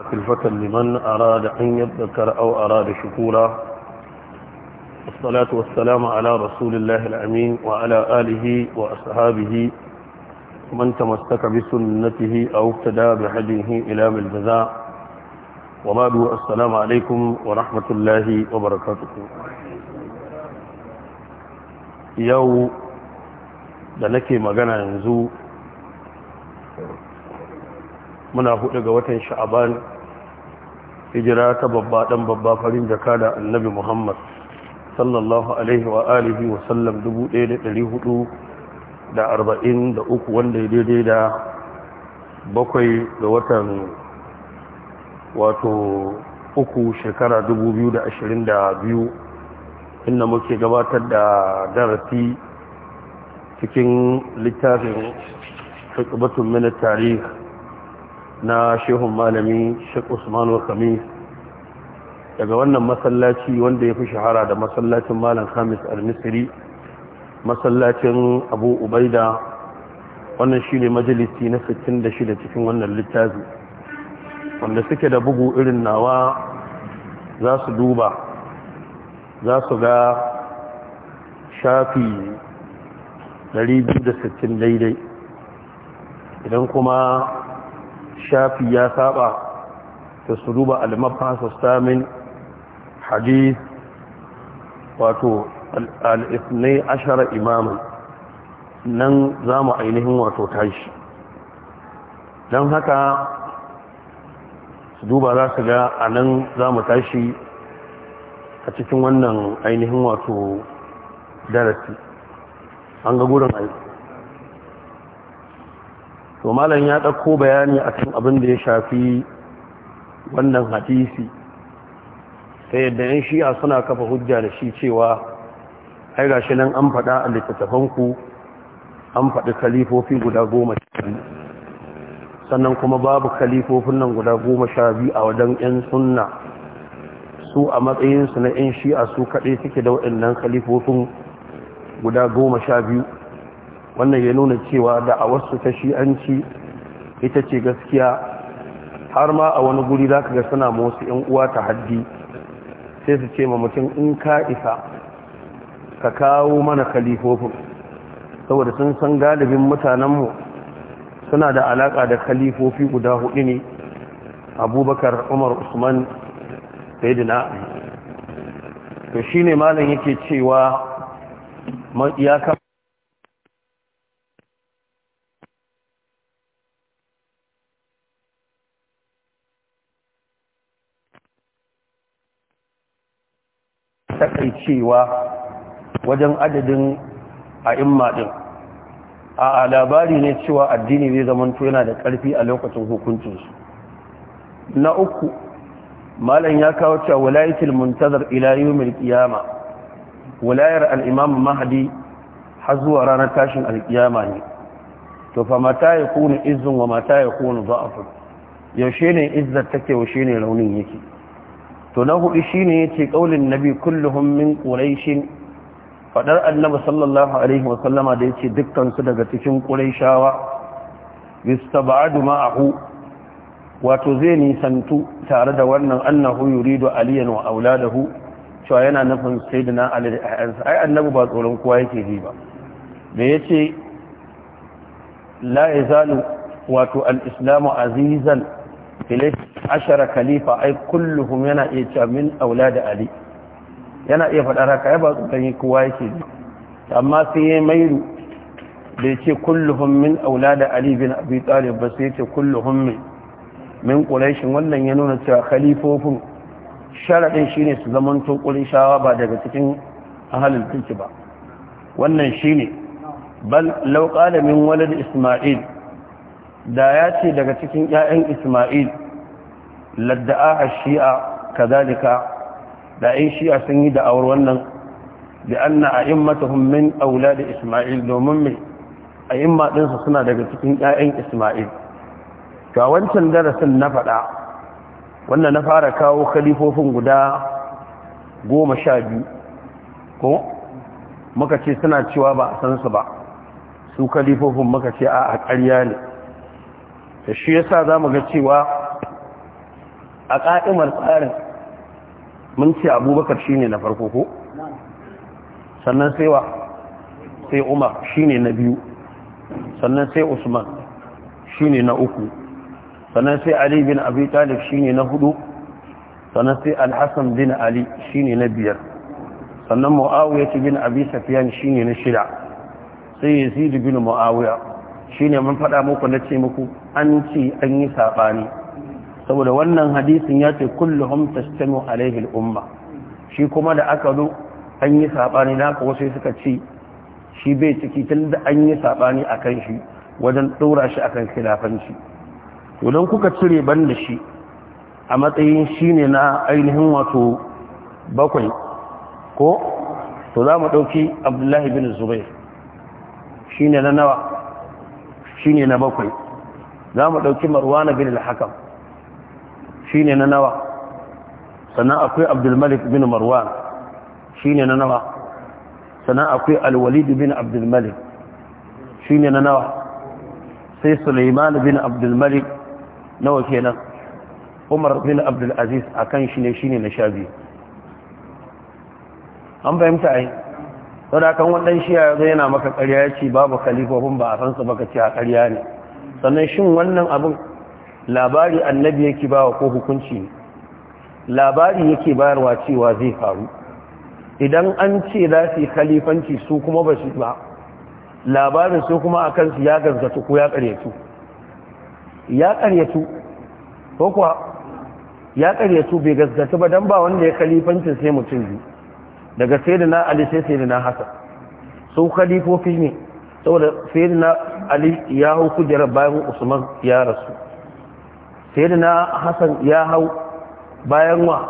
خلفة لمن أراد أن يذكر أو أراد شكورا والصلاة والسلام على رسول الله الأمين وعلى آله وأصحابه من تمسك بسنته أو اقتدى بهديه إلى بالجزاء وبعد السلام عليكم ورحمة الله وبركاته يو da nake magana yanzu muna hudu ga watan sha'aban hijira ta babba dan babba farin jaka da annabi muhammad sallallahu alaihi wa alihi wa sallam 1443 wanda ya daidai da bakwai ga watan wato uku shekara 2022 inda muke gabatar da darasi cikin littafin hukubatun minar tarihi na shehun malami shek usmanu khamis daga wannan masallaci wanda ya fi shahara da masallacin malam khamis al-misri masallacin abu ubaida wannan shine majalisi na 66 cikin wannan littafi wanda suke da bugu irin nawa za su duba za su ga shafi 260 daidai idan kuma shafi ya saba ta su duba almafasa samun hadith wato al-ifnai ashara imamun nan za mu ainihin wato tashi don haka su duba za su ga a nan za mu tashi a cikin wannan ainihin wato darasi an ga gurin aiki to malam ya ɗauko bayani a cikin abin da ya shafi wannan hadisi ta yadda yan shi'a suna kafa hujja da shi cewa ai gashi nan an faɗa a littattafanku an faɗi kalifofi guda goma sannan kuma babu kalifofin nan guda goma sha biyu a wajen 'yan sunna su a matsayinsu na 'yan shi'a su kaɗai suke da waɗannan kalifofin guda goma sha biyu wannan ya nuna cewa da a da'awarsu ta shi'anci ita ce gaskiya har ma a wani guri za ka ga suna motsi yan uwa ta haddi sai su ce ma mutum in ka isa ka kawo mana kalifofin saboda sun san galibin mutanenmu suna da alaka da kalifofi guda hudu ne abubakar umar usman sai dina to shi ne malin yake cewa ya cewa wajen adadin a din a labari ne cewa addini zai zamanto yana da ƙarfi a lokacin hukuncinsu na uku malam ya kawo cewa walayatul muntazar ila yawmil qiyama walayar al-imam har zuwa ranar tashin al-qiyama ne to fa mata yakunu izzun wa mata yakunu dha'fun yaushe ne izzar take yaushe ne raunin yake to na hudu shine yace kaulin nabi kulluhum min quraish fadar annabi sallallahu alaihi wa da yace dukkan su daga cikin quraishawa ba'adu ma'ahu wato zai nisantu tare da wannan annahu yuridu aliyan wa auladahu cewa yana nufin sayyidina ali da ayyansa ai annabu ba tsoron kowa yake ji ba da yace ce yazalu wato al'islamu azizan ilayhi ashara khalifa ai kulluhum yana iya cewa min aulad ali yana iya faɗa haka ai ba tsokan kowa yake amma sai ya mairu da ya ce kulluhum min aulad ali bin abi talib ba sai ya ce kulluhum min min quraish wannan ya nuna cewa khalifofin shi ne su zaman to shawa ba daga cikin ahalul ba wannan shine bal law qala min walad isma'il da ya ce daga cikin 'ya'yan isma'il ladda'a shi'a kazalika da ai shi'a sun yi da'awar wannan bi anna a'immatuhum min aulad isma'il domin mai a din su suna daga cikin 'ya'yan isma'il ga wancan darasin na faɗa wanda na fara kawo kalifofin guda goma sha biyu ko muka ce suna cewa ba a san su ba su kalifofin muka ce a a ƙarya ne da shi yasa za mu ga cewa a ƙa'imar tsarin mun ce abubakar shi ne na farko ko sannan sai wa sai umar shi ne na biyu sannan sai usman shi ne na uku sannan sai ali bin abu talib shi ne na hudu sannan sai alhassan bin ali shi ne na biyar sannan ci bin abu safiyan shi ne na shida sai yazid bin mu'awiyar shi ne mun faɗa muku na ce muku an ce an yi saɓani saboda wannan hadisin ya ce kulluhum tastami'u alaihi al-umma shi kuma da aka zo an yi sabani na wasu suka ci shi bai ciki tun da an yi sabani akan shi wajen ɗora shi akan khilafanci to dan kuka cire ban da shi a matsayin shine na ainihin wato bakwai ko to za mu dauki abdullahi bin zubair shine na nawa shine na bakwai za mu dauki marwana bin al-hakam shine na nawa sannan akwai abdulmalik bin marwan shine na nawa sannan akwai alwalid bin abdulmalik shine na nawa sai suleiman bin abdulmalik nawa kenan umar bin abdulaziz a kan shi ne shine na sha biyu an bayyanta ai da kan waɗansu ya zo yana maka ƙarya ya ce babu kalifofin ba a san su baka ce a ƙarya ne sannan shin wannan abin labari annabi yake bawa ko hukunci labari yake bayarwa cewa zai faru idan an ce za su yi khalifanci su kuma ba su ba labarin su kuma a kansu ya gazzatu ko ya karyatu ya karyatu ko kuwa ya karyatu bai gazzatu ba don ba wanda ya khalifanci sai mutum biyu daga sayidina ali sai sayidina na hasan su khalifofi ne saboda sayidina ali ya hau kujerar bayan usman ya rasu sai da na hasan ya hau bayan wa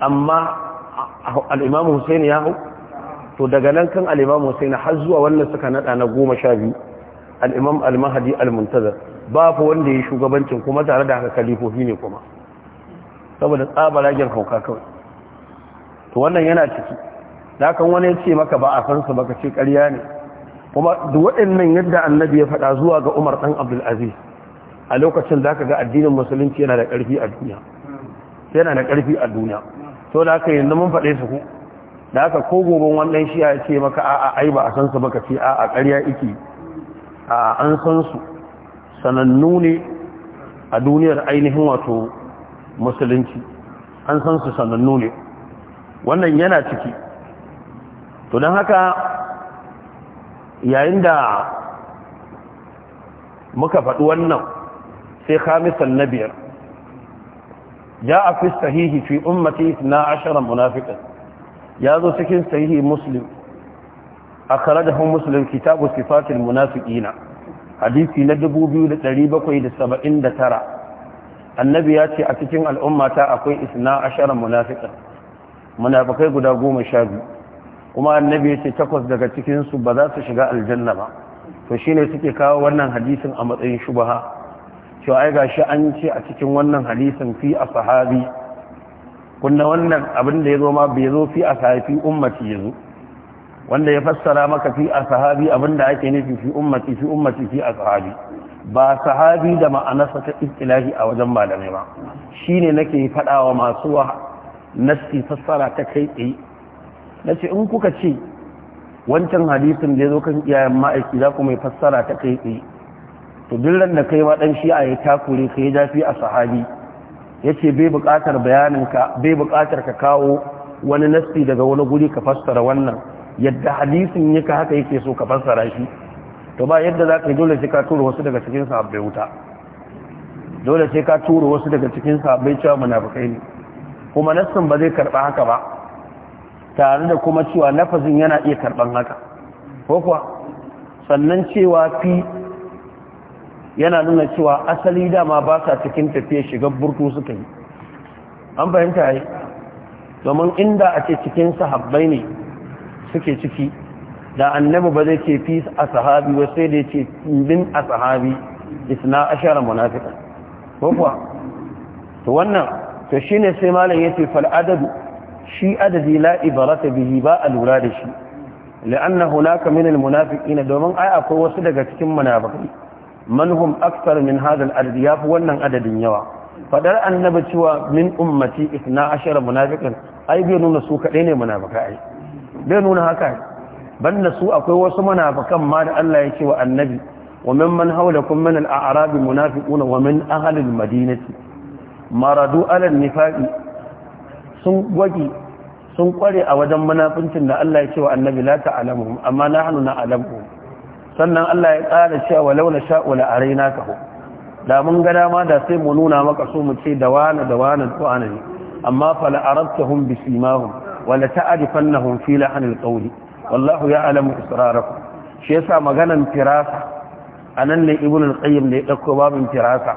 amma al'imamu husaini ya hau to daga nan kan al'imamu husaini har zuwa wannan suka nada na goma sha biyu al'imam al-mahadi al-muntazar ba fa wanda ya shugabancin kuma tare da haka kalifofi ne kuma saboda tsabaragen hauka kawai to wannan yana ciki dakan wani ya ce maka ba a san su ka ce ƙarya ne kuma duk waɗannan yadda annabi ya faɗa zuwa ga umar ɗan aziz a lokacin za ka ga addinin musulunci yana da ƙarfi a duniya yana da ƙarfi a duniya so da aka yanzu mun faɗe su ku da aka ko goben wannan shi ya ce maka a'a ai ba a san su baka ce a'a ƙarya iki a an san su sanannu ne a duniyar ainihin wato musulunci an san su sanannu ne wannan yana ciki to don haka yayin da muka faɗi wannan sai khamisan na biyar ya a fi sahihi fi ummati na ashirin munafiqin ya zo cikin sahihi muslim a karadahu muslim kitabu sifatil munafiqina hadisi na 2779 annabi ya ce a cikin al'ummata akwai isna ashirin munafiqin munafikai guda goma sha biyu kuma annabi ya ce takwas daga cikinsu ba za su shiga aljanna ba to shine suke kawo wannan hadisin a matsayin shubaha cewa ai gashi an ce a cikin wannan hadisin fi a sahabi kunna wannan abin da ya zo ma bai zo fi a sahabi ummati ya zo wanda ya fassara maka fi a sahabi abin da ake nufi fi ummati fi ummati fi a sahabi ba sahabi da ma'anarsa ta istilahi a wajen malamai ba shine nake faɗawa masu nasti fassara ta kai tsaye na ce in kuka ce wancan hadisin da ya zo kan iyayen ma'aiki za ku mai fassara ta kai tsaye to dillan da kai ma dan shi'a ya takure ka ya jafi a sahabi yace bai buƙatar bayaninka bai buƙatar ka kawo wani nasti daga wani guri ka fassara wannan yadda hadisin yake haka yake so ka fassara shi to ba yadda za ka yi dole sai ka tura wasu daga cikin sahabbai wuta dole sai ka tura wasu daga cikin sahabbai cewa munafikai ne kuma nassin ba zai karba haka ba tare da kuma cewa nafazin yana iya karban haka ko kuwa sannan cewa fi yana nuna cewa asali dama ba sa cikin tafiya shigar burtu suka yi an fahimta ya yi domin inda a ce cikin sahabbai ne suke ciki da annabi ba zai ce fi a sahabi ba sai da ce bin a sahabi isna ashara munafiqan ko kuwa to wannan to shine sai malam yace fal adadu shi adadi la ibarata bihi ba a lura da shi la'anna hunaka min al munafiqina domin ai akwai wasu daga cikin munafiqai manhum aksar min hadal ardi yafi wannan adadin yawa fadar annabi cewa min ummati 12 munafiqin ai bai nuna su kadai ne munafika ai bai nuna haka banda su akwai wasu munafikan ma da Allah ya ce wa annabi wa mimman hawlakum min al-a'rab munafiquna wa min ahli al-madinati maradu ala an-nifaqi sun gwagi sun kware a wajen munafincin da Allah ya ce wa annabi la ta'lamuhum amma nahnu na'lamuhum sannan Allah ya ƙara cewa walau na sha'u la araina ka ho. da mun ga dama da sai mu nuna maka so mu ce da wani da wani to anani amma fa la arabtahum bi simahum wa la ta'rifannahum fi lahanil qawli wallahu ya'lamu israrakum shi yasa maganan firasa anan ne ibnu al-qayyim ne dauko babin firasa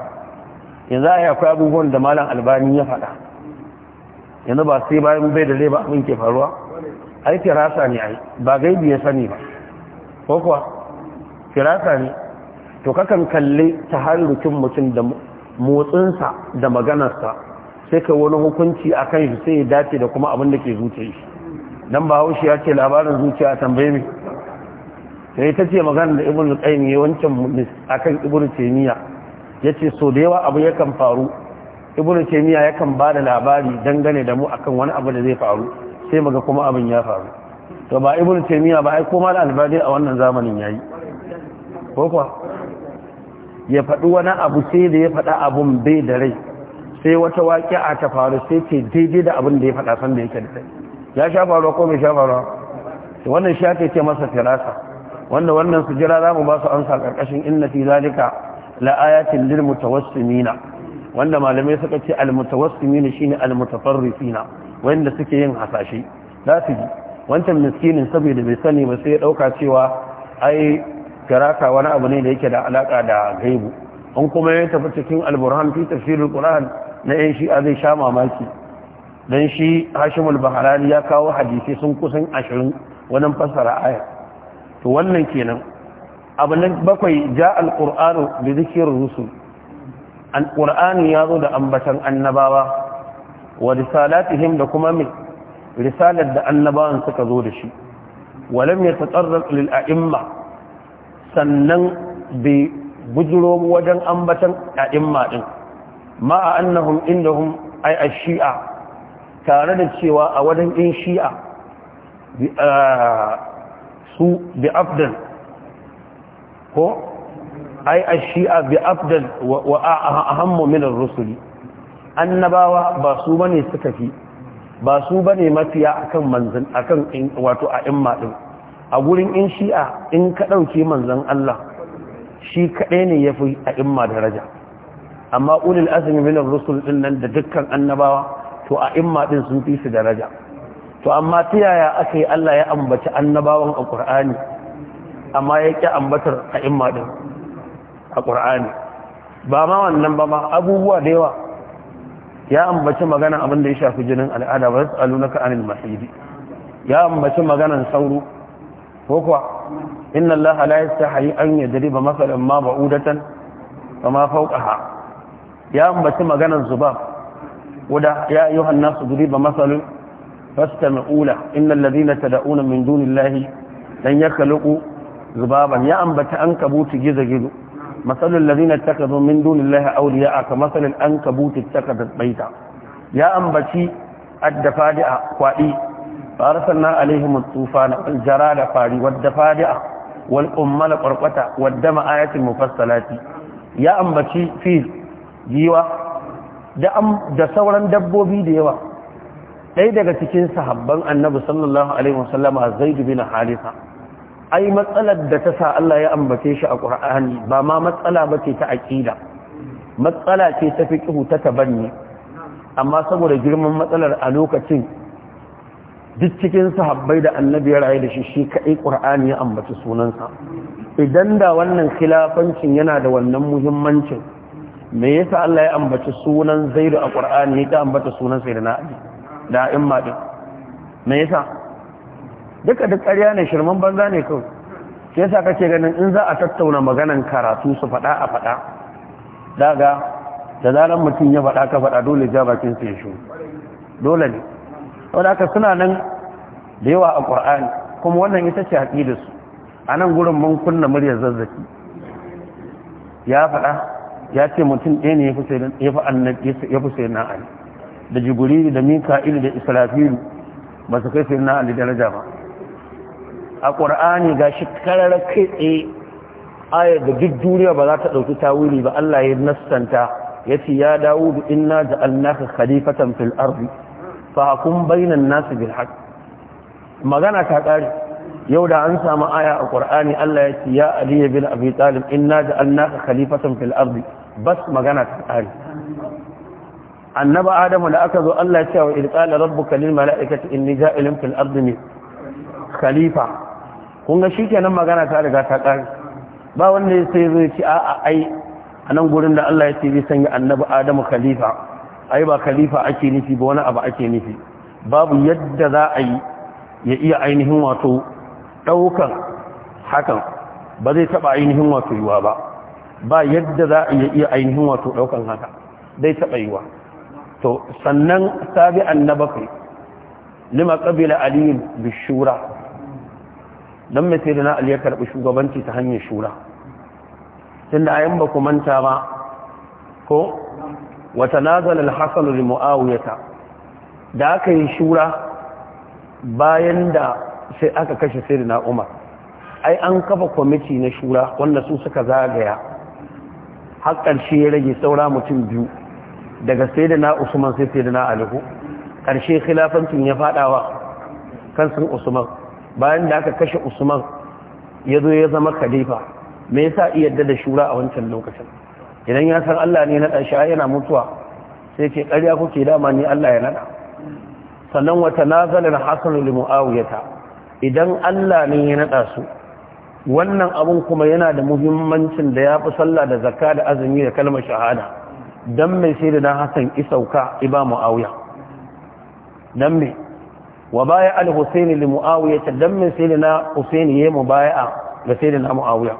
yanzu ai akwai abubuwan da malam albani ya faɗa yanzu ba sai bayan bai da zai ba abin ke faruwa ai firasa ne ai ba gaibi ya sani ba ko kuwa firasa ne to kakan kalli ta harrukin mutum da motsinsa da maganarsa sai ka wani hukunci a kan shi sai ya dace da kuma abin da ke zuciya shi don ba haushi ya ce labarin zuciya a tambaye mai sai ta ce magana da ibn qayyim a kan akan ibn ya ce so da yawa abu yakan faru ibn taymiya yakan ba da labari dangane da mu akan wani abu da zai faru sai maga kuma abin ya faru to ba ibn taymiya ba ai koma da albadi a wannan zamanin ya yi. ko ya faɗi wani abu sai da ya faɗa abun bai da rai sai wata a ta faru sai ce daidai da abin da ya faɗa san da yake da ya sha faruwa ko bai sha faruwa wannan shi ce masa firasa wanda wannan su jira za mu ba su amsa karkashin inna fi zalika la ayatin lil mutawassimina wanda malamai suka ce al mutawassimina shine al mutafarrifina wanda suke yin hasashe za su ji wancan miskinin saboda bai sani ba sai ya dauka cewa ai Karaka wani abu ne da yake da alaka da gaibu An kuma ya tafi cikin alburhan fi tafsirul qur'an na yan shi'a zai sha mamaki dan shi hashimul baharani ya kawo hadisi sun kusan ashirin wajen fassara aya to wannan kenan abu na bakwai ja alqur'anu bi dhikrir rusul alqur'ani ya zo da ambatan annabawa wa risalatihim da kuma min risalar da annabawan suka zo da shi ولم يتطرق للأئمة sannan bai bujuro wajen ambatan a'imma din ma'a annahum indahum ay ash-shi'a tare da cewa a wajen in shi'a su bi afdal ko ay ash-shi'a bi afdal wa ahammu min ar-rusul annabawa ba su bane suka fi ba su bane mafiya akan manzan akan wato a'imma din a gurin in shi'a in ka ɗauke manzan Allah shi kaɗai ne ya fi a imma daraja amma ulil azumi minar rusul ɗin nan da dukkan annabawa to a imma ɗin sun fi su daraja to amma ta yaya aka yi Allah ya ambaci annabawan a ƙur'ani amma ya ƙi ambatar a imma ɗin a ƙur'ani ba ma wannan ba ma abubuwa da yawa ya ambaci magana abin da ya shafi jinin al'ada ba su alunaka anil yi. ya ambaci maganan sauro ko kuwa inna Allah la yastahi an yadriba masalan ma ba'udatan kama fawqaha ya ambaci maganar zubab wada ya ayyuhan su duriba masalun fastami'u la innal ladina tad'una min dunillahi lan yakhluqu zubaban ya ambaci an kabuti gizagizo masalul ladina takazu min dunillahi awliya ka masalul an kabuti takadat baita ya ambaci addafadi'a kwadi arsalna alaihim na wal da fari wadda fadi'a wal ummal qarqata wadda ma'ayatul mufassalati ya ambaci fi jiwa da sauran dabbobi da yawa Ɗaya daga cikin sahabban annabi sallallahu alaihi wasallama zaid bin halifa ai matsalar da ta sa Allah ya ambace shi a ƙur'ani ba ma matsala ba ce ta aƙida. matsala ce ta fi ta tabanni amma saboda girman matsalar a lokacin duk cikin sahabbai da annabi ya rayu da shi shi kaɗai qur'ani ya ambaci sunansa idan da wannan khilafancin yana da wannan muhimmancin me yasa Allah ya ambaci sunan Zaid a qur'ani ya ta ambata sunan sai da na da imma din me yasa duka duk ƙarya ne shirman banza ne kawai shi yasa kake ganin in za a tattauna maganan karatu su faɗa a faɗa daga da zaran mutum ya faɗa ka faɗa dole ja bakin sai shi dole ne saboda haka suna nan da yawa a ƙur'ani kuma wannan ita ce da su a nan gurin mun kunna muryar zazzaki ya faɗa ya ce mutum ɗaya ne ya fi sayi na'ali da jiguri da mika'ilu da israfilu ba su kai sayi na'ali daraja ba a ƙur'ani ga shi karar kai tsaye ayar da duk duniya ba za ta ɗauki tawili ba Allah ya nassanta ya ce ya dawo da inna da annaka khalifatan fil ardi fahakun bainan nasu bil haqq magana ta kare yau da an samu aya a qur'ani Allah ya ce ya ali bin abi talib inna ja'alnaka khalifatan fil ardi bas magana ta kare annaba adamu da aka zo Allah ya ce wa idh rabu rabbuka lil mala'ikati inni ja'ilun fil ardi khalifa kun ga nan magana ta riga ta kare ba wanda sai zai ci a'a ai a nan gurin da Allah ya ce zai sanya annabi adamu khalifa ai ba khalifa ake nufi ba wani abu ake nufi babu yadda za a yi ya iya ainihin wato ɗaukan hakan ba zai taɓa ainihin wato yiwa ba ba yadda za a iya ainihin wato ɗaukan haka zai taɓa yiwa to sannan sabi na lima ƙabila aliyu bishura don mai sai da na ya karɓi shugabanci ta hanyar shura tun da ayan ba ku manta ba ko wata nazal al-hasan li da aka yi shura bayan da sai aka kashe na umar ai an kafa kwamiti na shura wanda su suka zagaya har ƙarshe ya rage saura mutum biyu daga na usman sai sayyidina alihu ƙarshe khilafancin ya faɗawa kansin usman bayan da aka kashe usman ya zo ya zama khalifa me yasa iya da shura a wancan lokacin idan ya san Allah ne naɗa shi yana mutuwa sai ke ƙarya kuke dama ni Allah ya naɗa sannan wata nazalar hasanu li idan Allah ne ya naɗa su wannan abun kuma yana da muhimmancin da ya fi sallah da zakka da azumi da kalmar shahada dan mai sai da dan hasan isauka iba mu'awiya dan mai wa baya al-husayn li mu'awiyata dan mai sai da na husayn mu mubaya'a ga sai da na mu'awiya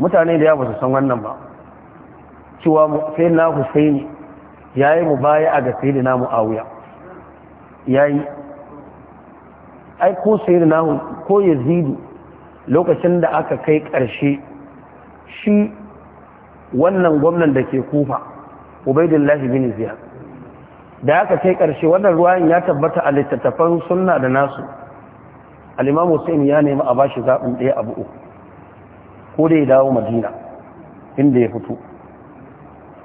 mutane da ya ba su san wannan ba cewa sai na husaini ya yi mu baya a ga namu na mu'awiya ya yi ai ko da na ko yazidu lokacin da aka kai ƙarshe shi wannan gwamnan da ke kufa ubaidillahi bin ziyar da aka kai ƙarshe wannan ruwan ya tabbata a littattafan sunna da nasu al'imam hussein ya nemi a bashi zaɓin ɗaya abu ko da ya dawo madina inda ya fito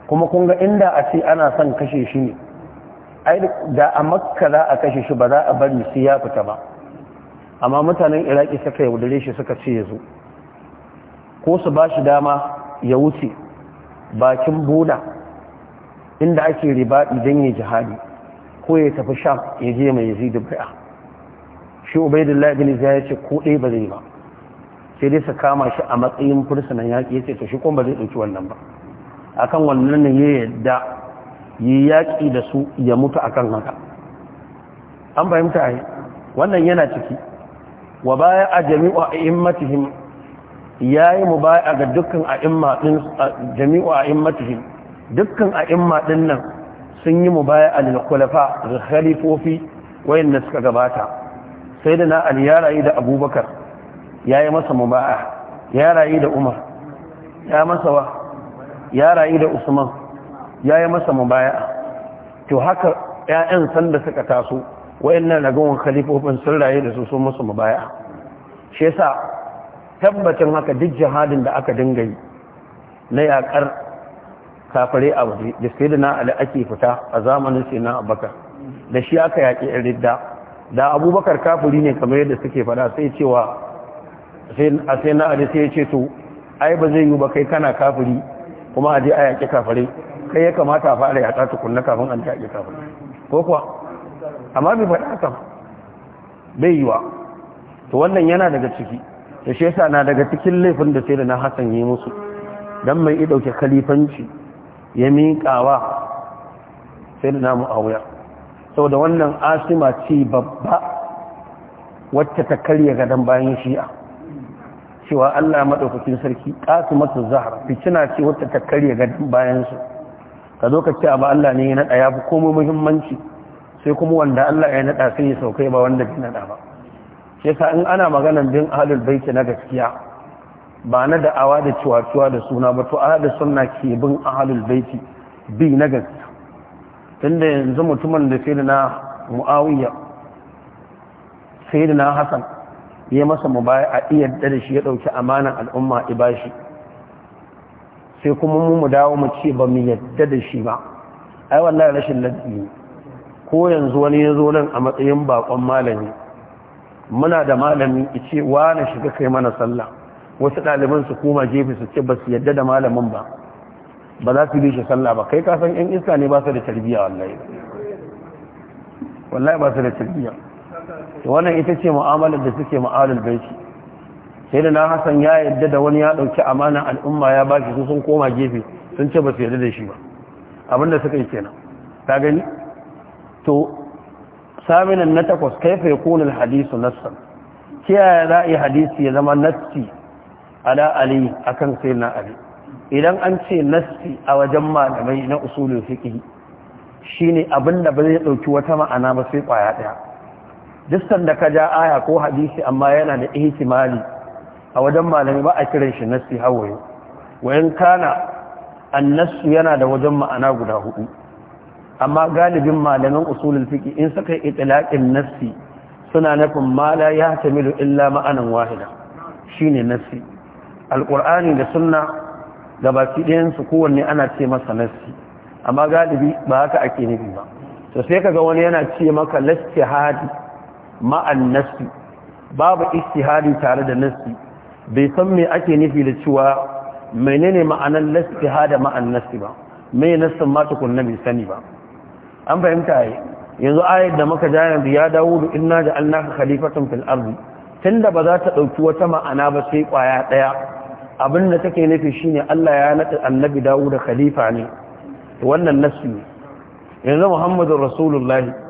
kuma kun ga inda a ce ana son kashe shi ne da a makka za a kashe shi ba za a bari shi ya fita ba amma mutanen iraki suka yaudare shi suka ce ya zo ko su ba shi dama ya wuce bakin boda inda ake riba idan ya jihadi ko ya tafi sham ya je mai da bai'a shi ubaidullahi bin zai ya ce ko ɗaya ba zai ba sai dai su kama shi a matsayin fursunan yaƙi ya ce to shi kuma ba zai ɗauki wannan ba akan wannan ne ya yadda yi yaƙi da su ya mutu akan haka an fahimta a wannan yana ciki wa baya a jami'u a immatihim ya yi mu baya ga dukkan a jami'u a immatihim dukkan a imma ɗin nan sun yi mu baya a lilkulafa da khalifofi da suka gabata sai da na aliyarayi da abubakar ya yi masa mu baya ya rayu da umar ya masa wa ya rayu da usman ya yi masa baya. to haka 'ya'yan sanda suka taso wayannan ragowar khalifofin sun rayu da su sun masa mubaya shi yasa tabbacin haka duk jihadin da aka dinga yi na yakar kafare a waje da sai da ali ake fita a zamanin sai abubakar da shi aka yaki yan ridda da abubakar kafiri ne kamar yadda suke fada sai cewa a sai na ali sai ya ce to ai ba zai yi ba kai kana kafiri kuma a je a yaƙi kafare kai ya kamata a fara yaƙa tukunna kafin an yaƙi kafare ko kuwa amma bai faɗa bai wa to wannan yana daga ciki da shi yasa na daga cikin laifin da sai da na hasan yi musu dan mai ɗauke kalifanci ya miƙawa sai da namu a wuya saboda wannan asima ce babba wacce ta karya gadon bayan shi'a cewa Allah madaukakin sarki qasimatu zahra fitina ce wata ta karya gadin bayan su ka zo ka ce abu Allah ne ya naɗa ya fi komai muhimmanci sai kuma wanda Allah ya naɗa sai ya saukai ba wanda bin naɗa ba shi yasa in ana maganar bin ahlul baiti na gaskiya ba na da'awa da cewa cewa da suna ba to ahlul sunna ke bin ahlul baiti bi na gaskiya tunda yanzu mutumin da sai muawiya sai hasan ya masa mu a iya da shi ya ɗauki amanan al'umma a bashi sai kuma mu mu dawo mu ce ba mu yadda da shi ba ai wallahi rashin ladabi ko yanzu wani ya zo nan a matsayin bakon malami muna da malami ce wa na shiga kai mana sallah wasu ɗaliban su koma jefi su ce ba su yadda da malamin ba ba za su bi shi sallah ba kai kasan yan iska ne ba su da tarbiyya wallahi wallahi ba su da tarbiyya wannan ita ce mu'amalar da suke mu'amalar baiti sai da na hasan ya yadda da wani ya ɗauki amanan al'umma ya baki su sun koma gefe sun ce ba su yadda da shi ba abinda suka yi kenan ta gani to saminan na takwas kaifa yakunu alhadisu nassan kiyaye za a yi hadisi ya zama nassi ala ali akan sai na ali idan an ce nassi a wajen malamai na usulul fiqh shine abinda ba zai ɗauki wata ma'ana ba sai kwaya ɗaya. distan da ka ja aya ko hadisi amma yana da ihtimali a wajen malami ba a kiran shi nassi hawaye wayan kana annasu yana da wajen ma'ana guda hudu amma galibin malaman usulul fiqi in suka yi itlaqin nassi suna nufin ma la yahtamilu illa ma'anan wahida shine nassi alqur'ani da sunna da ɗayan su kowanne ana ce masa nassi amma galibi ba haka ake nufi ba to sai kaga wani yana ce maka lastihadi ma'an nassi babu istihari tare da nassi bai san me ake nufi da cewa menene ma'anan istihada ma'an nassi ba me nassin ma bai sani ba an fahimta yi yanzu ayat da muka ja yanzu ya dawo da inna da annaka khalifatan fil ardi tunda ba za ta dauki wata ma'ana ba sai kwaya daya abin da take nufi shine Allah ya nada annabi dawud khalifa ne wannan nassi yanzu muhammadur rasulullahi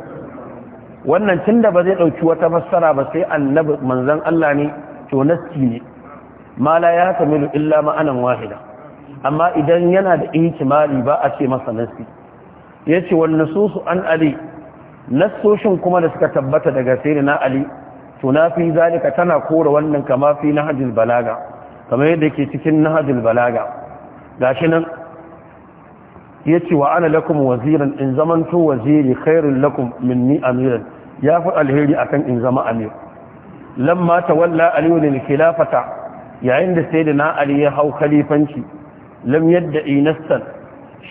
wannan tun da ba zai ɗauki wata fassara ba sai annabi manzan Allah ne to nasti ne ma la ya tamilu illa ma'anan wahida amma idan yana da ihtimali ba a ce masa nasti yace wan nususu an ali Nasoshin kuma da suka tabbata daga sayyidina ali to na fi zalika tana kora wannan kama fi nahjul balaga kamar yadda ke cikin nahjul balaga gashi nan ya ce wa ana lakum waziran in zamanto waziri khairun lakum minni amiran ya fi alheri akan in zama amir lamma tawalla aliyu lil khilafata yayin da na ali ya hau khalifanci lam yadda inastan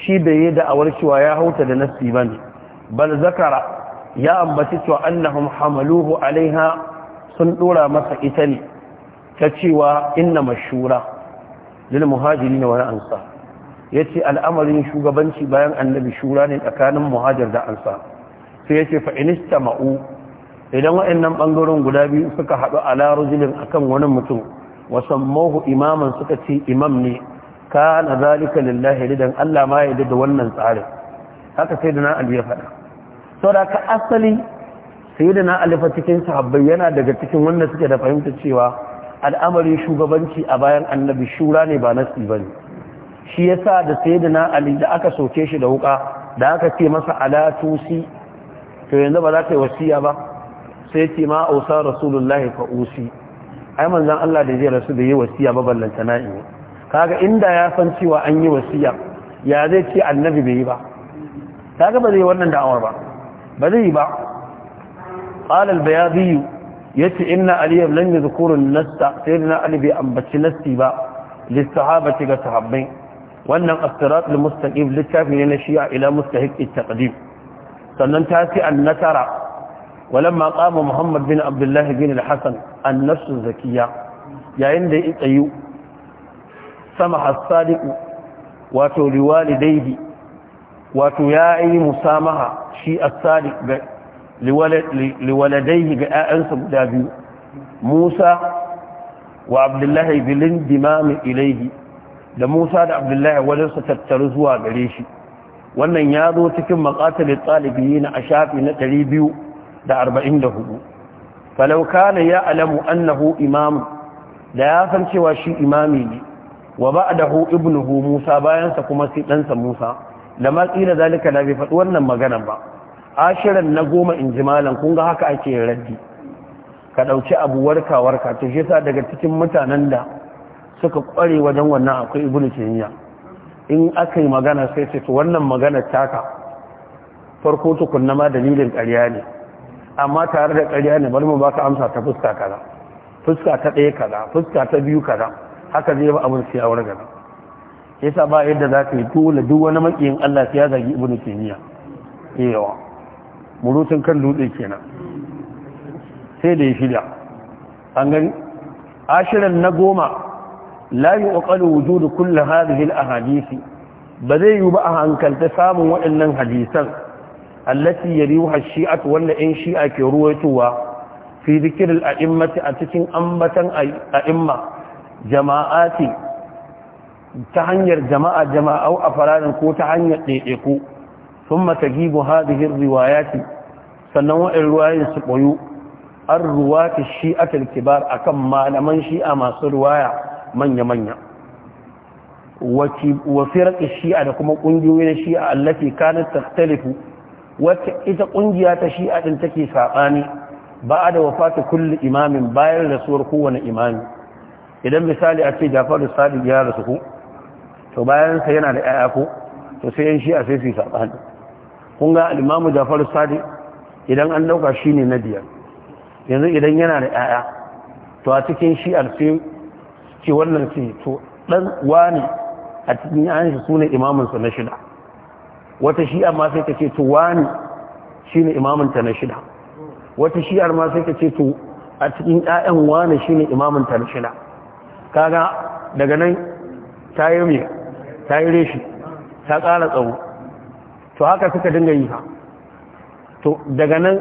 shi bai yi da'awar cewa ya hauta da nasi bane bal zakara ya ambaci cewa annahum hamaluhu alaiha sun dora masa ita ne ta cewa inna mashura lil muhajirin wani ansar ya ce al'amarin shugabanci bayan annabi shura ne tsakanin muhajar da ansa sai ya ce fa'inista ma'u idan waɗannan ɓangaren guda biyu suka haɗu a larujilin akan wani mutum wasan mahu imaman suka ce imam ne ka na zalika lillahi ridan allah ma ya da wannan tsarin haka sai da na ali sau da ka asali sai da na alifa cikin sahabbai yana daga cikin wanda suke da fahimta cewa al'amarin shugabanci a bayan annabi shura ne ba nasi ba ne shi yasa da sayyidina ali da aka soke shi da wuka da aka ce masa ala tusi to yanzu ba za ka yi wasiya ba sai ce ma ausa rasulullahi fa usi ai manzon Allah da zai rasu da yi wasiya ba ballanta kaga inda ya san cewa an yi wasiya ya zai ce annabi bai yi ba kaga ba zai wannan da'awar ba ba zai yi ba qala bayadi yace inna aliya lam yadhkuru an-nassa sayyidina ali bai ambaci nasti ba lis sahabati ga sahabbai wannan astirat al-mustaqim littafi ne na shi'a ila mustahiq at sannan ta fi an-nasara walamma qama muhammad bin abdullahi bin al-hasan an-nafs zakiya yayin da ya tsayu sama hasadiq wato liwalidayhi wato ya yi musamaha shi as-sadiq ga liwaladayhi ga yayansa guda biyu musa wa abdullah bilin dimami ilayhi da Musa da Abdullahi wajen su tattaru zuwa gare shi wannan ya zo cikin maqatil na a shafi na 244 falau kana ya alamu annahu imam da ya san cewa shi imami ne wa ba'dahu ibnuhu Musa bayan sa kuma sai dan sa Musa da ma tsira zalika bai faɗi wannan magana ba ashiran na goma injimalan kun ga haka ake raddi ka ɗauki abu warka warka to shi yasa daga cikin mutanen da suka kware wajen wannan akwai ibnu taymiya in aka yi magana sai ce to wannan magana taka farko tukunna ma dalilin karya ne amma tare da karya ne bari mu baka amsa ta fuska kaza fuska ta ɗaya kaza fuska ta biyu kaza haka zai ba abin siyawar gada gaba yasa ba yadda za ka yi dole duk wani makiyin Allah ya zagi ibnu taymiya yawa murutun kan dutse kenan sai da ya shirya an gani ashirin na goma la yuqalu wujudu kull hadhihi al ahadith ba zai yi ba a hankalta samun waɗannan hadisan allati yariwha Shi'a wanda in shi'a ke ruwaitowa fi dhikr al a'immati a cikin ambatan a'imma jama'ati ta hanyar jama'a jama'au a faranin ko ta hanyar ɗaiɗaiku sun matagibu hadihin riwayati sannan wa'in ruwayin su an ruwata shi'atar kibar a kan malaman shi'a masu riwaya. manya-manya wa firqi shi'a da kuma kungiyoyin shi'a allati kanat taktalifu wacce ita kungiya ta shi'a din take sabani ba da wafatu kulli imamin bayan rasuwar kowane imami idan misali a ce Jafar Sadiq ya rasu ko to bayan sa yana da yaya ko to sai yan shi'a sai su sabani kun ga al-Imam Jafar Sadiq idan an dauka shine na biyar yanzu idan yana da yaya to a cikin shi'ar sai ce wannan ce to dan wani a cikin an shi sunan sa na shida wata shi'ar ma sai ka ce to wani shine imaminta na shida wata shi'ar ma sai ka ce to a cikin ƴaƴan wani shine imaminta na shida kaga daga nan ta yi tayi reshi ta ƙara tsawo to haka suka dinga yi ha to daga nan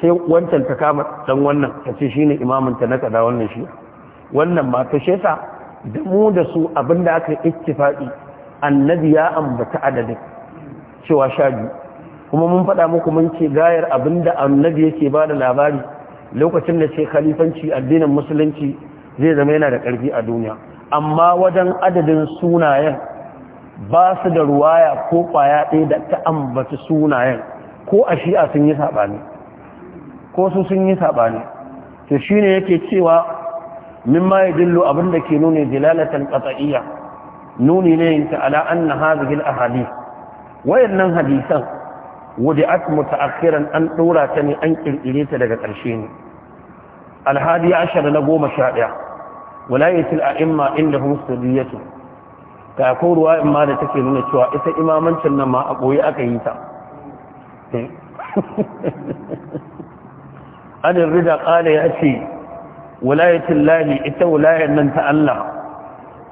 sai wancan ta kama dan wannan ta ce shine imaminta na kada wannan shi'a wannan ma shesa, da mu da su abinda aka yi ittifaɗi annabi ya ambata adadin cewa sha biyu kuma mun faɗa muku mun ce gayar abinda annabi yake ba da labari lokacin da ce khalifanci addinin musulunci zai zama yana da ƙarfi a duniya amma wajen adadin sunayen ba su da ruwaya ko ƙwaya ɗaya da ta ambata sunayen ko a shi'a sun yi saɓani ko su sun yi saɓani to shine ne yake cewa mimma yadullu abinda ke nuni dilalatan qat'iyya nuni ne ta ala anna hadhihi al ahadith wayannan hadisan wudi'at mutaakhiran an dora ta ne an kirkire ta daga ƙarshe ne alhadi ashar na goma sha ɗaya walayatul a'imma indahum sudiyatu ta ko ruwa imma da take nuna cewa ita imamancin nan ma a ɓoye aka yi ta an rida ƙala ya ce wulayatin lahi ita wulayar nan ta Allah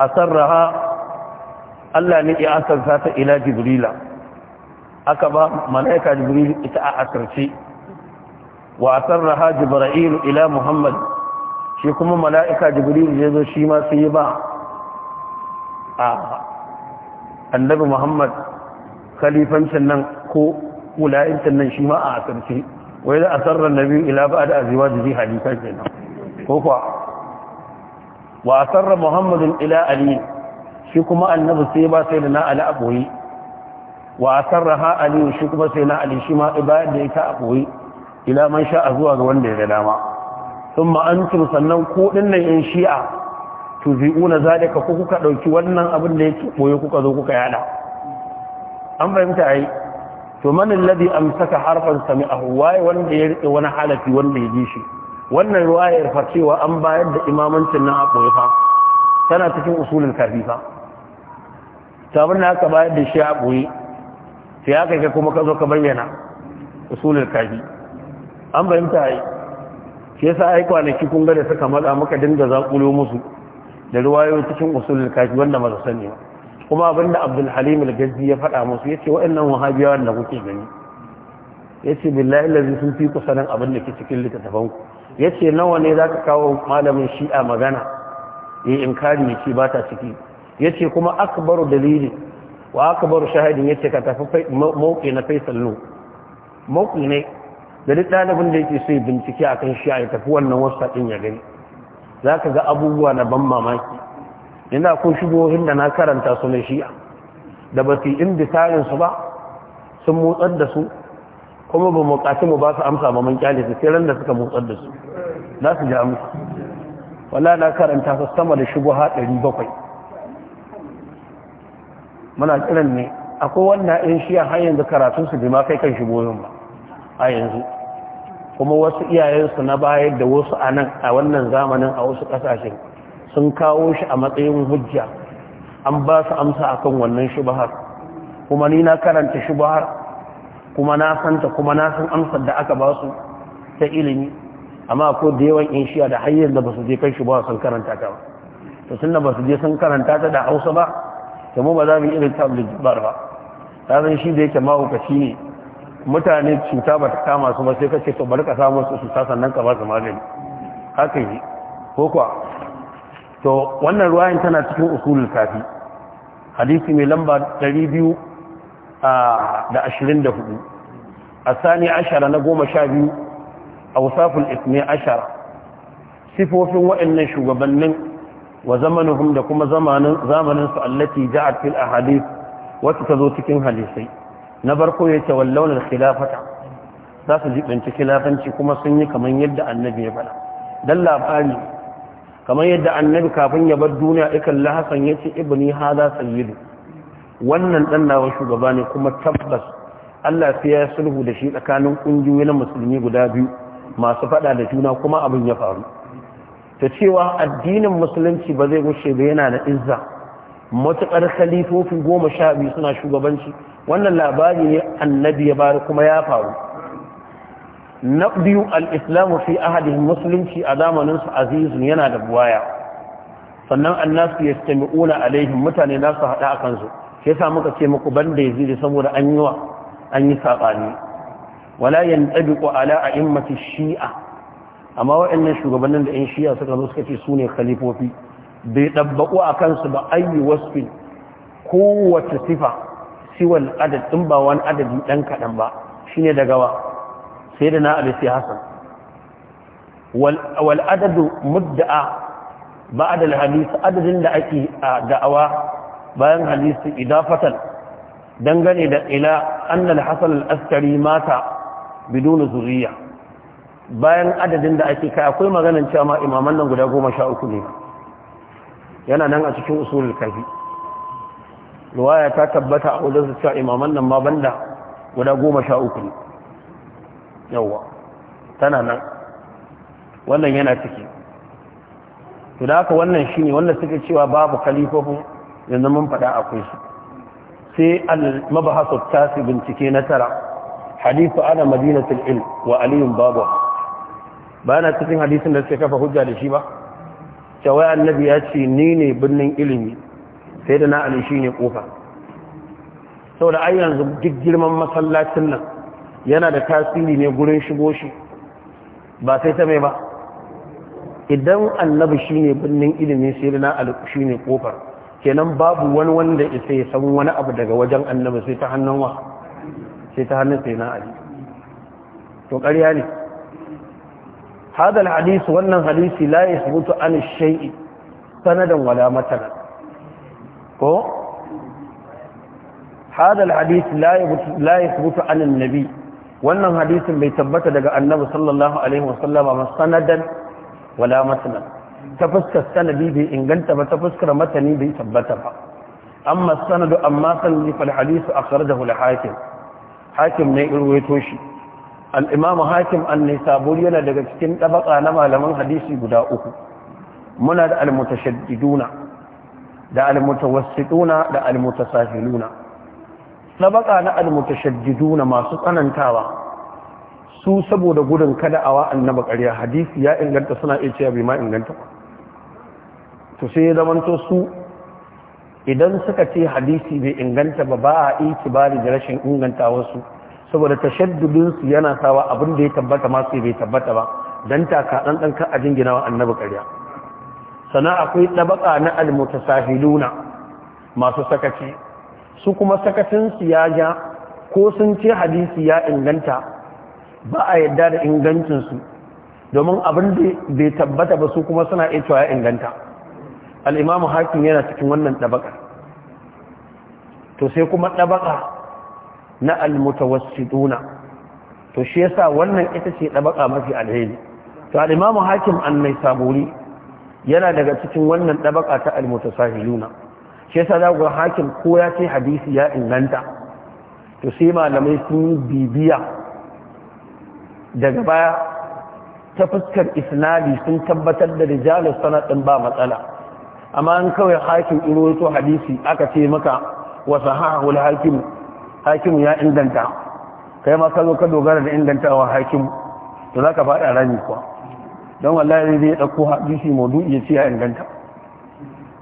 a sarraha Allah ne ya asarta ta ila jibrila aka ba mala'ika jibril ita a asarce wa a sarraha jibril ila muhammad shi kuma mala'ika jibril ya zo shi ma yi ba a annabi muhammad khalifancin nan ko wulayancin nan shi ma a asarce wai da sarra nabi ila ba da azuwa jibi halifa kenan ko kuwa wa sarra muhammadun ila ali shi kuma annabi sai ba sai da na ali a boye wa sarra ha ali shi kuma sai na ali shi ma bayan da ita a boye ila man sha'a zuwa ga wanda ya dama sun ma'antum sannan ko dinnan yan shi'a na zalika ko kuka ɗauki wannan abin da ci boye kuka zo kuka yada an fahimta yi to an saka amsaka harfan a wai wanda ya rike wani halafi wanda ya ji shi wannan ruwayar farcewa an bayar da imamancin nan a fa tana cikin usulin karfifa fa sabon da aka bayar da shi a koyi sai ya kai kuma ka zo ka bayyana usulin karfi an bayyanta yi shi yasa ai kwanaki kun ga da suka matsa muka dinga zaƙulo musu da ruwayoyi cikin usulin karfi wanda masu sani ba kuma abinda abdul halim al gazi ya faɗa musu ya ce wa'annan wahabiyawan da kuke gani ce billahi lalzi sun fi kusa nan abin da ke cikin littattafanku ya ce nawa ne za ka kawo malamin shi'a magana ya yi inkari ya ce ba ta ciki ya ce kuma akbaru dalili wa akbaru shahadin ya ce ka tafi mauƙi na faisal nu mauƙi ne da duk ɗalibin da yake sai bincike a kan shi'a ya tafi wannan wasa ɗin ya gani za ka ga abubuwa na ban mamaki ina ko shigohin da na karanta su na shi'a da ba su yi su ba sun motsar da su kuma ba mu mu ba su amsa ba mun kyale su sai ran da suka motsar da su za su ji amsa wala na karanta su sama da shigo ha 700 muna kiran ne akwai wannan ɗin shi har yanzu karatun su bai ma kai kan shigo yin ba a yanzu kuma wasu iyayensu na bayar da wasu a nan a wannan zamanin a wasu ƙasashen sun kawo shi a matsayin hujja an ba su amsa akan wannan shubahar kuma ni na karanta shubahar kuma na santa kuma na san amsar da aka ba su ta ilimi amma ko da yawan in shiya da hayyar da ba su je kan shi ba san karanta ta ba to sun da ba su je sun karanta ta da hausa ba to mu ba za mu irin tablet bar ba ta zan shi da yake mahaukaci ne mutane cuta ba ta kama su ba sai ka to bari ka samu su cuta sannan ka ba su magani haka yi ko kuwa to wannan ruwayin tana cikin usulul kafi hadisi mai lamba 200 da ashirin da hudu a sani ashara na goma sha biyu a wasafin isne ashara sifofin waɗannan shugabannin wa zamanuhum da kuma zamaninsu allati ja'at fil ahadith wacce ta zo cikin hadisai na barko ya ce wallaunar khilafata za su jibanci khilafanci kuma sun yi kamar yadda annabi ya faɗa dan labari kamar yadda annabi kafin ya bar duniya ikan lahasan ya ce ibni hada sayyidu wannan dan nawa shugaba ne kuma tabbas Allah sai ya sulhu da shi tsakanin kungiyoyi na musulmi guda biyu masu fada da juna kuma abin ya faru ta cewa addinin musulunci ba zai wuce ba yana da izza matuƙar khalifofi goma sha biyu suna shugabanci wannan labari ne annabi ya bari kuma ya faru na biyu al'islamu fi ahadin musulunci a zamaninsu azizun yana da buwaya sannan annasu ya alaihim mutane nasu haɗa a kansu sai sa muka ce muku banda yazid saboda an yi wa an yi sabani wala yantabiqu ala a'immati shi'a amma wa'annan shugabannin da yan shi'a suka zo suka ce su ne khalifofi bai dabbaku a kansu ba ayi wasfi kowace sifa siwal adad din ba wani adadi dan kaɗan ba shine daga wa sayyidina abi hasan wal wal adadu mudda'a ba'da al hadith adadin da ake da'awa bayan hadisi idafatan dangane da ila annal hasal al-askari mata bidun zuriya bayan adadin da ake kai akwai maganan cewa ma imaman nan guda goma sha uku ne yana nan a cikin usulul kafi riwaya ta tabbata a wajen cewa imaman nan ma banda guda goma sha uku ne yawa tana nan wannan yana ciki to da haka wannan shine wanda suka cewa babu kalifofin yanzu mun faɗa akwai shi sai al-mabahasu tasi bincike na tara hadithu ana madinatul ilm wa aliyun babu ba na cikin hadisin da suke kafa hujja da shi ba cewa annabi ya ce ni ne birnin ilimi sai da na ali shine kofa saboda ai yanzu duk girman masallacin nan yana da tasiri ne gurin shigo shi ba sai ta mai ba idan annabi shine birnin ilimi sai da na ali shine kofar kenan babu wani wanda isa ya san wani abu daga wajen annaba sai ta hannun wa sai ta hannun sai na ali to ƙarya ne هذا الحديث wannan hadisi la yasbutu an shay'i sanadan wala matanan ko هذا الحديث لا يثبت عن النبي wannan hadisin bai tabbata daga annabi sallallahu alaihi wasallama sanadan wala matanan ta fuskar sanadi bai inganta ba ta fuskar matani bai tabbata ba amma sanadu amma sanadi fal hadisu da al hakim hakim ne irwayo shi al imam hakim an-nisaburi ne yana daga cikin tabaka na malaman hadisi guda uku muna da al da almutawassiduna, da al mutasahiluna na al masu tsanantawa su saboda gudun kada awa annaba ƙarya hadisi ya inganta suna iya cewa bai ma inganta ba to sai zamanto su idan suka ce hadisi bai inganta ba ba a bari da rashin inganta wasu saboda tashaddudin su yana sawa abin da ya tabbata ma sai bai tabbata ba dan taka dan dan kan ajin ginawa annabi ƙarya sana akwai tabaka na almutasahiluna masu sakaci su kuma sakacin su ya ja ko sun ce hadisi ya inganta ba a yadda da ingancin su domin abin da bai tabbata ba su kuma suna iya ya inganta al'imamu hakim yana cikin wannan ɗabaƙa to sai kuma ɗabaƙa na almutawassiduna to shi yasa wannan ita ce ɗabaƙa mafi alheri to al'imamu hakim an mai saburi yana daga cikin wannan ɗabaƙa ta almutasahiluna shi yasa za ga hakim ko ya ce hadisi ya inganta to sai malamai sun yi bibiya daga baya ta fuskar isnadi sun tabbatar da rijalar sanadin ba matsala amma an kawai hakim iroto hadisi aka ce maka wa sahahu al-hakim hakim ya inganta kai ma ka zo ka dogara da ingantawa hakim to zaka fada rani kuwa don wallahi zai dauko hadisi maudu'i ya ce ya inganta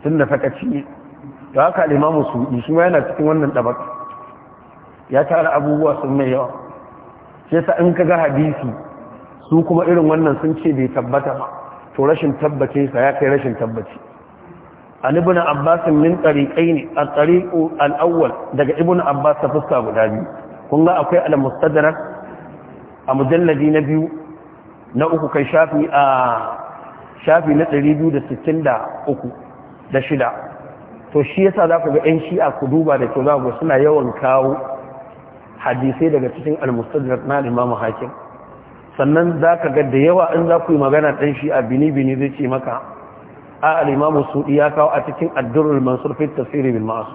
tunda sakaci to haka al-imamu su'i shi ma yana cikin wannan dabak ya tara abubuwa sun mai yawa sai sa in kaga hadisi su kuma irin wannan sun ce bai tabbata ba to rashin tabbace sa ya kai rashin tabbaci an ibn abbas min tariqaini at-tariqu al-awwal daga ibn abbas ta fuska guda biyu kun ga akwai al-mustadrak a mujalladi na biyu na uku kai shafi a shafi na 263 da shida to shi yasa za ku ga yan shi'a ku duba da kyau za ku suna yawan kawo hadisai daga cikin al-mustadrak na imam hakim sannan za ka ga da yawa in za ku yi magana ɗan shi'a bini-bini zai ce maka a'a al-imamu ya kawo a cikin ad-durrul mansur fi bil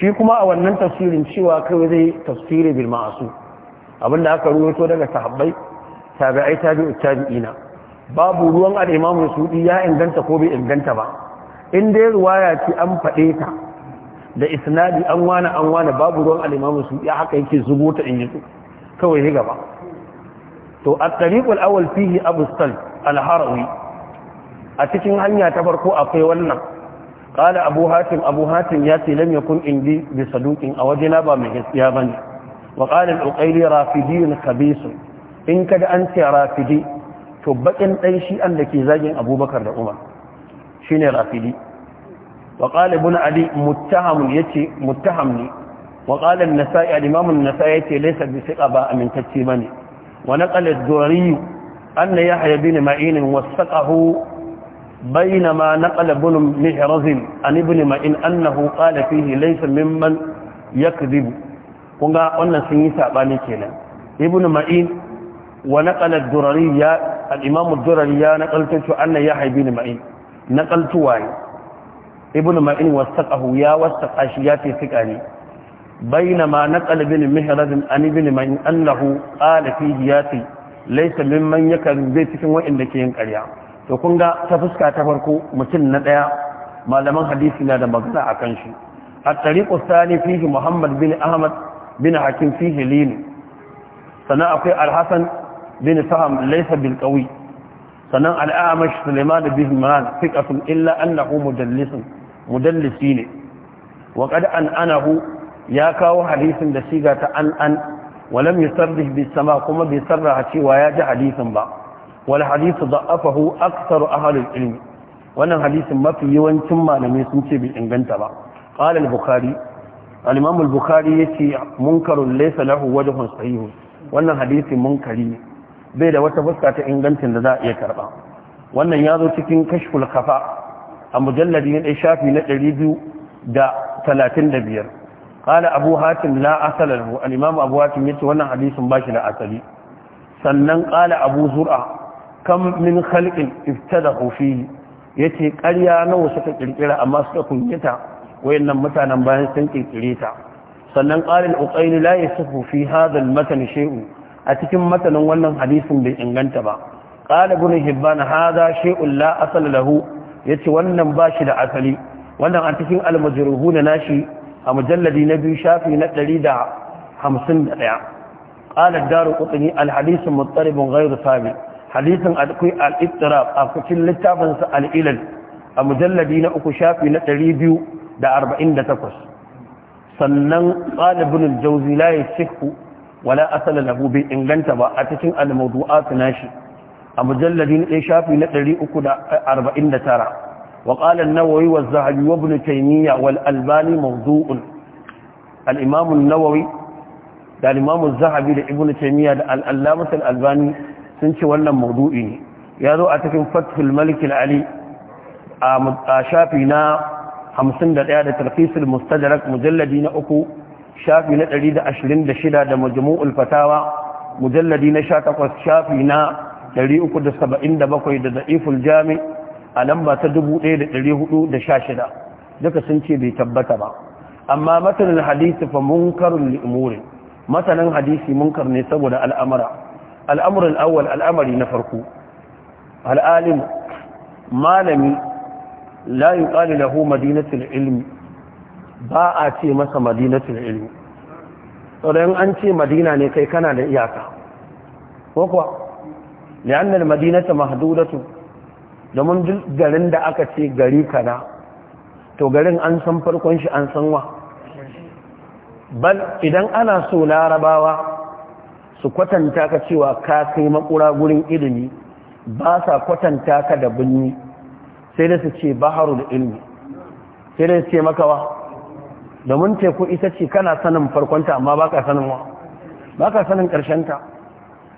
shi kuma a wannan tafsirin cewa kawai zai tasiri bil ma'sum abinda aka ruwato daga sahabbai tabi'ai tabi'u tabi'ina babu ruwan al-imamu ya inganta ko bai inganta ba in dai ruwaya ce an faɗe ta da isnadi an wani an wani babu ruwan al-imamu ya haka yake zubo ta in yi kawai gaba to at-tariqul awal fihi abu sal al-harawi a cikin hanya ta farko akwai wannan qala abu hatim abu hatim ya ce lam yakun indi bi saduqin a wajena ba mai gaskiya bane wa qala al-uqayli rafidiyun khabis in kada an ce rafidi to bakin dan shi an ke zagin abubakar da umar shine rafidi wa qala ibn ali muttaham yace muttaham ne wa qala an-nasa'i al-imam an-nasa'i yace laysa bi siqa ba amintacce bane wa naqala ad-durri anna yahya bin ma'in wasaqahu بينما نقل ابن محرز عن ابن معين أنه قال فيه ليس ممن يكذب kunga wannan sun yi sabani kenan ibnu ma'in wa naqala ad-durari ya al-imam durari ya naqalta shi anna yahya ibn ma'in naqaltu wa ibnu ma'in wasaqahu ya wasaqa shi ya fi sikani bainama naqala ibn mihraz an ibn ma'in annahu ke yin karya. to kun ga ta fuska ta farko mutum na ɗaya malaman hadisi na da magana a kan shi a tariƙo sani fihi muhammad bin ahmad bin hakim fihi Linu. sannan akwai alhassan bin saham laisa bil ƙawi sannan al'amash suleiman bin man fiƙasun illa annahu mudallisin mudallisi ne wa qad an ya kawo hadisin da siga ta an an walam yusarrih bis sama kuma bai sarraha cewa ya ji hadisin ba wal hadithu aksaru aktsaru ahlul ilmi. wannan hadisin mafi yawancin malamai sun ce bai inganta ba qala al-bukhari al-imam al-bukhari yace munkarun laysa lahu wajhun sahih wannan hadisi munkari bai da wata fuska ta ingancin da za a iya karba wannan ya zo cikin kashful kafa a mujalladi na shafi na biyar. qala abu hatim la asala lahu al-imam abu hatim yace wannan hadisin shi da asali sannan ƙala abu zur'a Kan min halƙin iftadahu fihi yace ƙarya nawa suka ƙirƙira amma suka kunyata wayannan mutanen bayan sun ƙirƙire ta sannan ƙarin uqayl la yasifu fi hadha matan shay'un a cikin matanin wannan hadisin bai inganta ba qala ibn hibban hada shay'un la asala lahu yace wannan ba shi da asali wannan a cikin al da nashi a mujalladi na biyu shafi na 151 qala ad-daru qutni al-hadith muttarib ghayr hadisin akwai al a cikin littafin sa al a mujalladi na uku shafi na 248 sannan qalibun al-jawzi la yasihu wala asala lahu bi inganta ba a cikin al-mawdu'at nashi a mujalladi na shafi na 349 وقال wa والزهبي وابن تيمية taimiyya موضوع الإمام النووي da al-imam az-zahabi da ibnu taimiyya da al-allamah al-albani sun ce wannan maudu'i ne ya zo a cikin fathul malikin ali a shafi na 51 da tarfisul mustadrak mujalladi na uku shafi na 126 da majmu'ul fatawa mujalladi na 18 shafi na 377 da da'iful jami a lamba ta 1416 duka sun ce bai tabbata ba amma matanin hadisi fa munkarun li'umurin matanin hadisi munkar ne saboda al'amura. al'amurin awwal al'amari na farko al'alim malami layu yi ƙali lahu madinatul ilmi ba a ce masa madinatul ilmi tsoron an ce madina ne kai kana da iyaka ko kuwa li'annar madinata mahdudatu domin garin da aka ce gari kana to garin an san farkon shi an san wa bal idan ana so larabawa su kwatanta ka cewa ka kai makura gurin ilimi ba sa kwatanta ka da binni sai da su ce baharul ilmi sai da su ce makawa, domin teku ita ce kana sanin farkonta amma ba ka sanin wa ba ka sanin ƙarshenta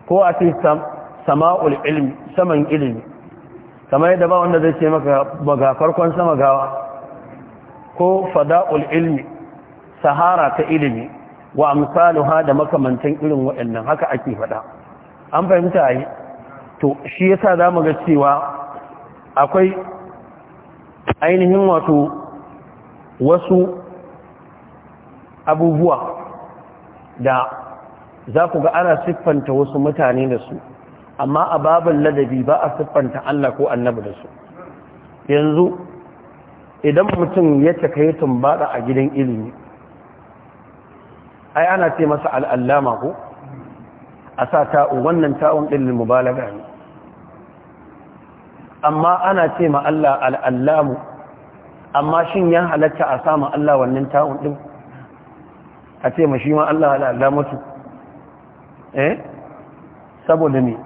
ko a ce sama'ul ilmi saman ilimi kamar yadda ba wanda zai ce maka ga farkon sama gawa ko fada'ul ilmi sahara ta ilimi wa ha da makamantan irin waɗannan haka ake faɗa an fahimta yi to shi yasa mu ga cewa akwai ainihin wato wasu abubuwa da za ku ga ana siffanta wasu mutane da su amma a babin ladabi ba a siffanta Allah ko annabi da su yanzu idan mutum ya yi tumbaɗa a gidan ilimi ai ana ce masa al'allama ko a sa ta'u wannan ta'un ɗin mubalaga ne amma ana ce ma Allah al'allamu amma shin ya halatta a sama Allah wannan ta'un ɗin a ce ma shi ma Allah al'allamatu eh saboda ne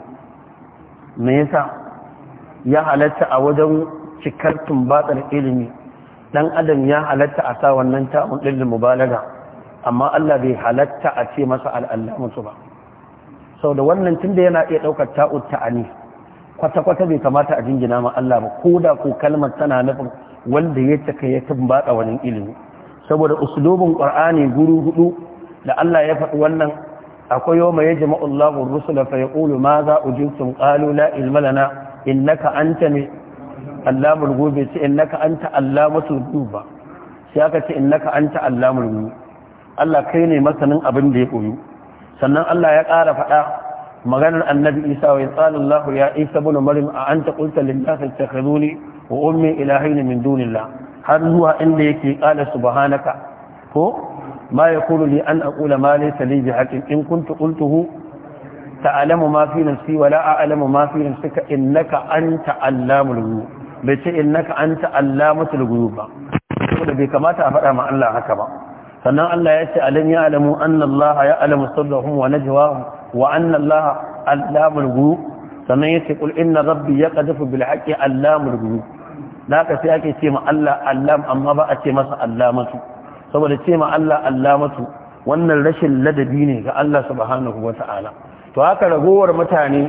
me yasa ya halatta a wajen cikar tumbatsar ilimi dan adam ya halatta a sa wannan ta'un ɗin mubalaga amma Allah bai halatta a ce masa musu ba sau da wannan tun da yana iya ɗaukar ta'ud ta'ani kwata-kwata bai kamata a jingina ma Allah ba ko da ko kalmar tana nufin wanda ya taka ya tumbaɗa wani ilimi saboda uslubin ƙur'ani guru hudu da Allah ya faɗi wannan akwai yau mai yaji ma'ullahun rusula fa yaqulu ma za sun qalu la ilma innaka anta allamul ghuyub sai innaka anta masu ghuyub sai aka ce innaka anta Allah ghuyub Allah kai ne masanin abin da ya koyu sannan Allah ya ƙara faɗa maganar annabi Isa wa tsalallahu ya Isa ibn Maryam a anta qulta lin nas ittakhaduni wa ummi ilahayn min dunillah har zuwa inda yake qala subhanaka ko ma yakulu li an aqula ma laysa li bihaqin in kuntu qultuhu ta'lamu ma fi nafsi wa la a'lamu ma fi anta allamul ghuyub bai ce innaka anta allamatul ghuyub ba saboda bai kamata a faɗa ma Allah haka ba sannan Allah ya ce alam ya alamu anna Allah ya alamu sirrahum wa najwahum wa anna allamul ghuyub sannan yace kul inna rabbi yaqdhafu bil haqqi allamul ghuyub naka sai ake ce ma Allah allam amma ba a ce masa allamatu saboda ce ma Allah allamatu wannan rashin ladabi ne ga Allah subhanahu wata'ala to haka ragowar mutane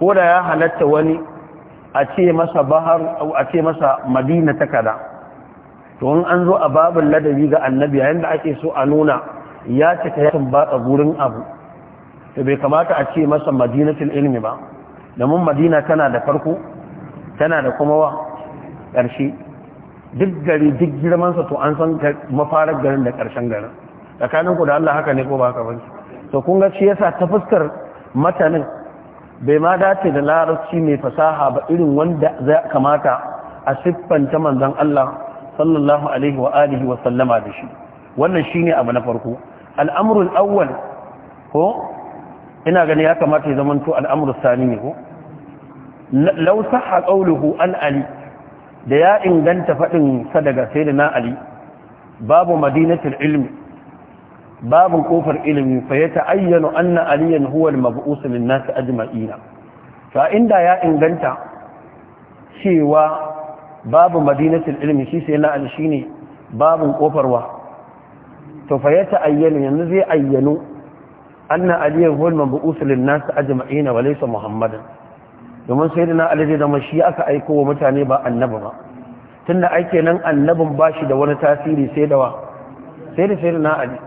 ko da ya halatta wani a ce masa bahar a ce masa madina ta kada to in an zo a babin ladabi ga annabi yayin da ake so a nuna ya cika ya tumbatsa gurin abu to bai kamata a ce masa madinatul ilmi ba domin madina tana da farko tana da kuma wa ƙarshe duk gari duk girmansa to an san mafarar garin da ƙarshen garin tsakanin ku da Allah haka ne ko ba haka ba to kun ga shi yasa ta fuskar matanin bai ma dace da larabci mai fasaha ba irin wanda zai kamata a siffanta manzon Allah sallallahu alaihi wa alihi wa sallama da shi wannan shine abu na farko al'amrul awwal ko ina gani ya kamata ya zamanto al'amrul sani ne ko law sahha qawluhu an ali da ya inganta fadin sa daga sayyidina ali babu madinatul ilmi babu kofar ilmi fa ya ayyana anna aliyan huwa al-mab'us lin-nas ajma'ina fa inda ya inganta cewa babu madinatul ilmi shi sai na alshi ne babun kofarwa to fa ya ayyanu yanzu zai ayyano anna aliyan huwa mabu'us lin nas ajma'ina wa laysa muhammadan domin sayyidina ali zai zama shi aka aiko wa mutane ba annabi ba tunda ake nan annabin bashi da wani tasiri sai da wa sai da sayyidina ali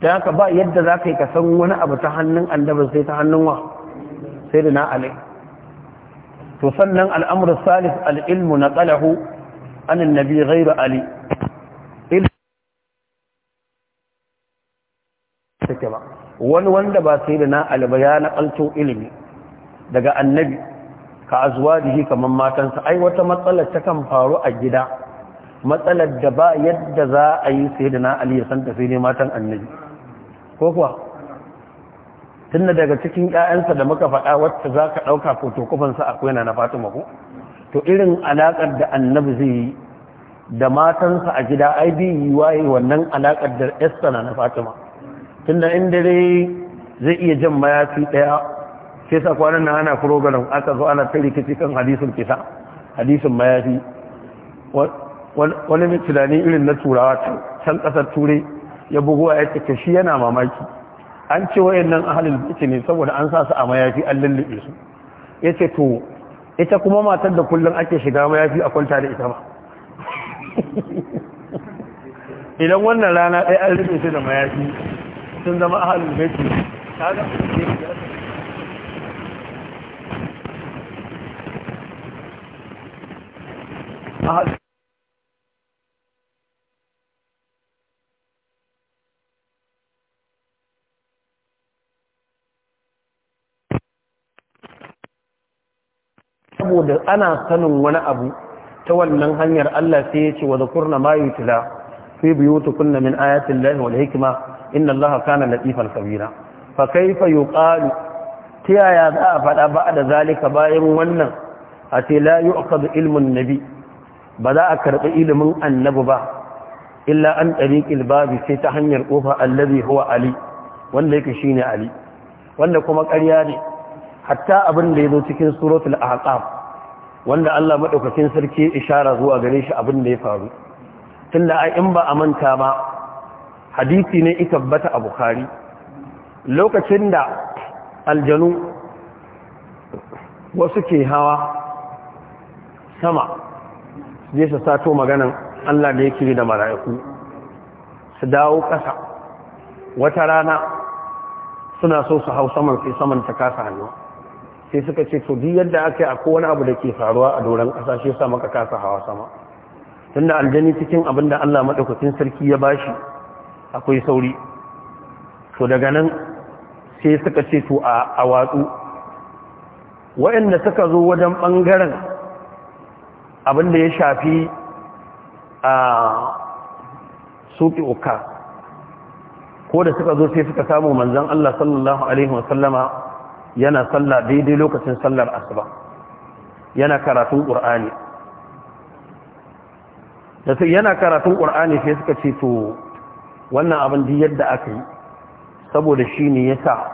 dan haka ba yadda za ka yi ka san wani abu ta hannun annabi sai ta hannun wa sai da na alai to sannan al'amur salif al'ilmu na ƙalahu an annabi ghairu ali ba wani wanda ba sai da na alba ya naƙalto ilimi daga annabi ka azuwa jihi kamar matansa ai wata matsalar ta kan faru a gida matsalar da ba yadda za a yi sai da na ali ya santa sai ne matan annabi ko kuwa tunda daga cikin ƴaƴansa da muka faɗa wacce za ka ɗauka fotokofansa akwai na na fatima ko to irin alaƙar da annabi zai yi da matansa a gida ai bi yi wannan alaƙar da ƴarsa na na fatima tunda in dare zai iya jan mayafi ɗaya sai sa kwanan na ana program aka zo ana ta rikici kan hadisin kisa hadisin mayafi wani mai irin na turawa can ƙasar turai ya bugowa ya ce shi yana mamaki an ce wayannan ahalin baiti ne saboda an sa su a mayafi an lullube su ya ce to ita kuma matar da kullum ake shiga mayafi a kwanta da ita ba idan wannan rana ɗaya an rufe su da mayafi sun zama ahalin baiti ta ga ahalin saboda ana sanin wani abu ta wannan hanyar Allah sai ya ce wa zakurna ma yutla fi buyutikunna min ayati llahi wal hikma inna allaha kana latifan kabira fa kayfa yuqalu ta yaya za a faɗa ba da zalika bayan wannan a ce la yu'khadhu ilmun nabi ba za a karɓi ilimin annabi ba illa an tariqil babi sai ta hanyar kofa allazi huwa ali wanda yake shine ali wanda kuma ƙarya ne hatta abin da ya zo cikin suratul ahqaf wanda Allah madaukakin sarki ishara zuwa gare shi abin da ya faru tunda ai in ba a manta ba hadisi ne ita bata a bukhari lokacin da aljanu wasu ke hawa sama zai su sato maganan Allah da yake da mara'iku su dawo ƙasa wata rana suna so su hau saman sai saman ta kasa hannuwa sai suka ce to duk yadda aka yi akwai wani abu da ke faruwa a doron ƙasa shi sa maka kasa hawa sama tunda aljani cikin abin da Allah madaukakin sarki ya bashi akwai sauri to daga nan sai suka ce to a watsu waɗanda suka zo wajen ɓangaren abin da ya shafi a suƙi uka ko da suka zo sai suka samu manzan Allah sallallahu Alaihi wasallama yana sallah daidai lokacin sallar asuba yana karatun ƙur'ani da su yana karatun ƙur'ani sai suka ce to wannan abin da yadda aka yi saboda shi ne ya sa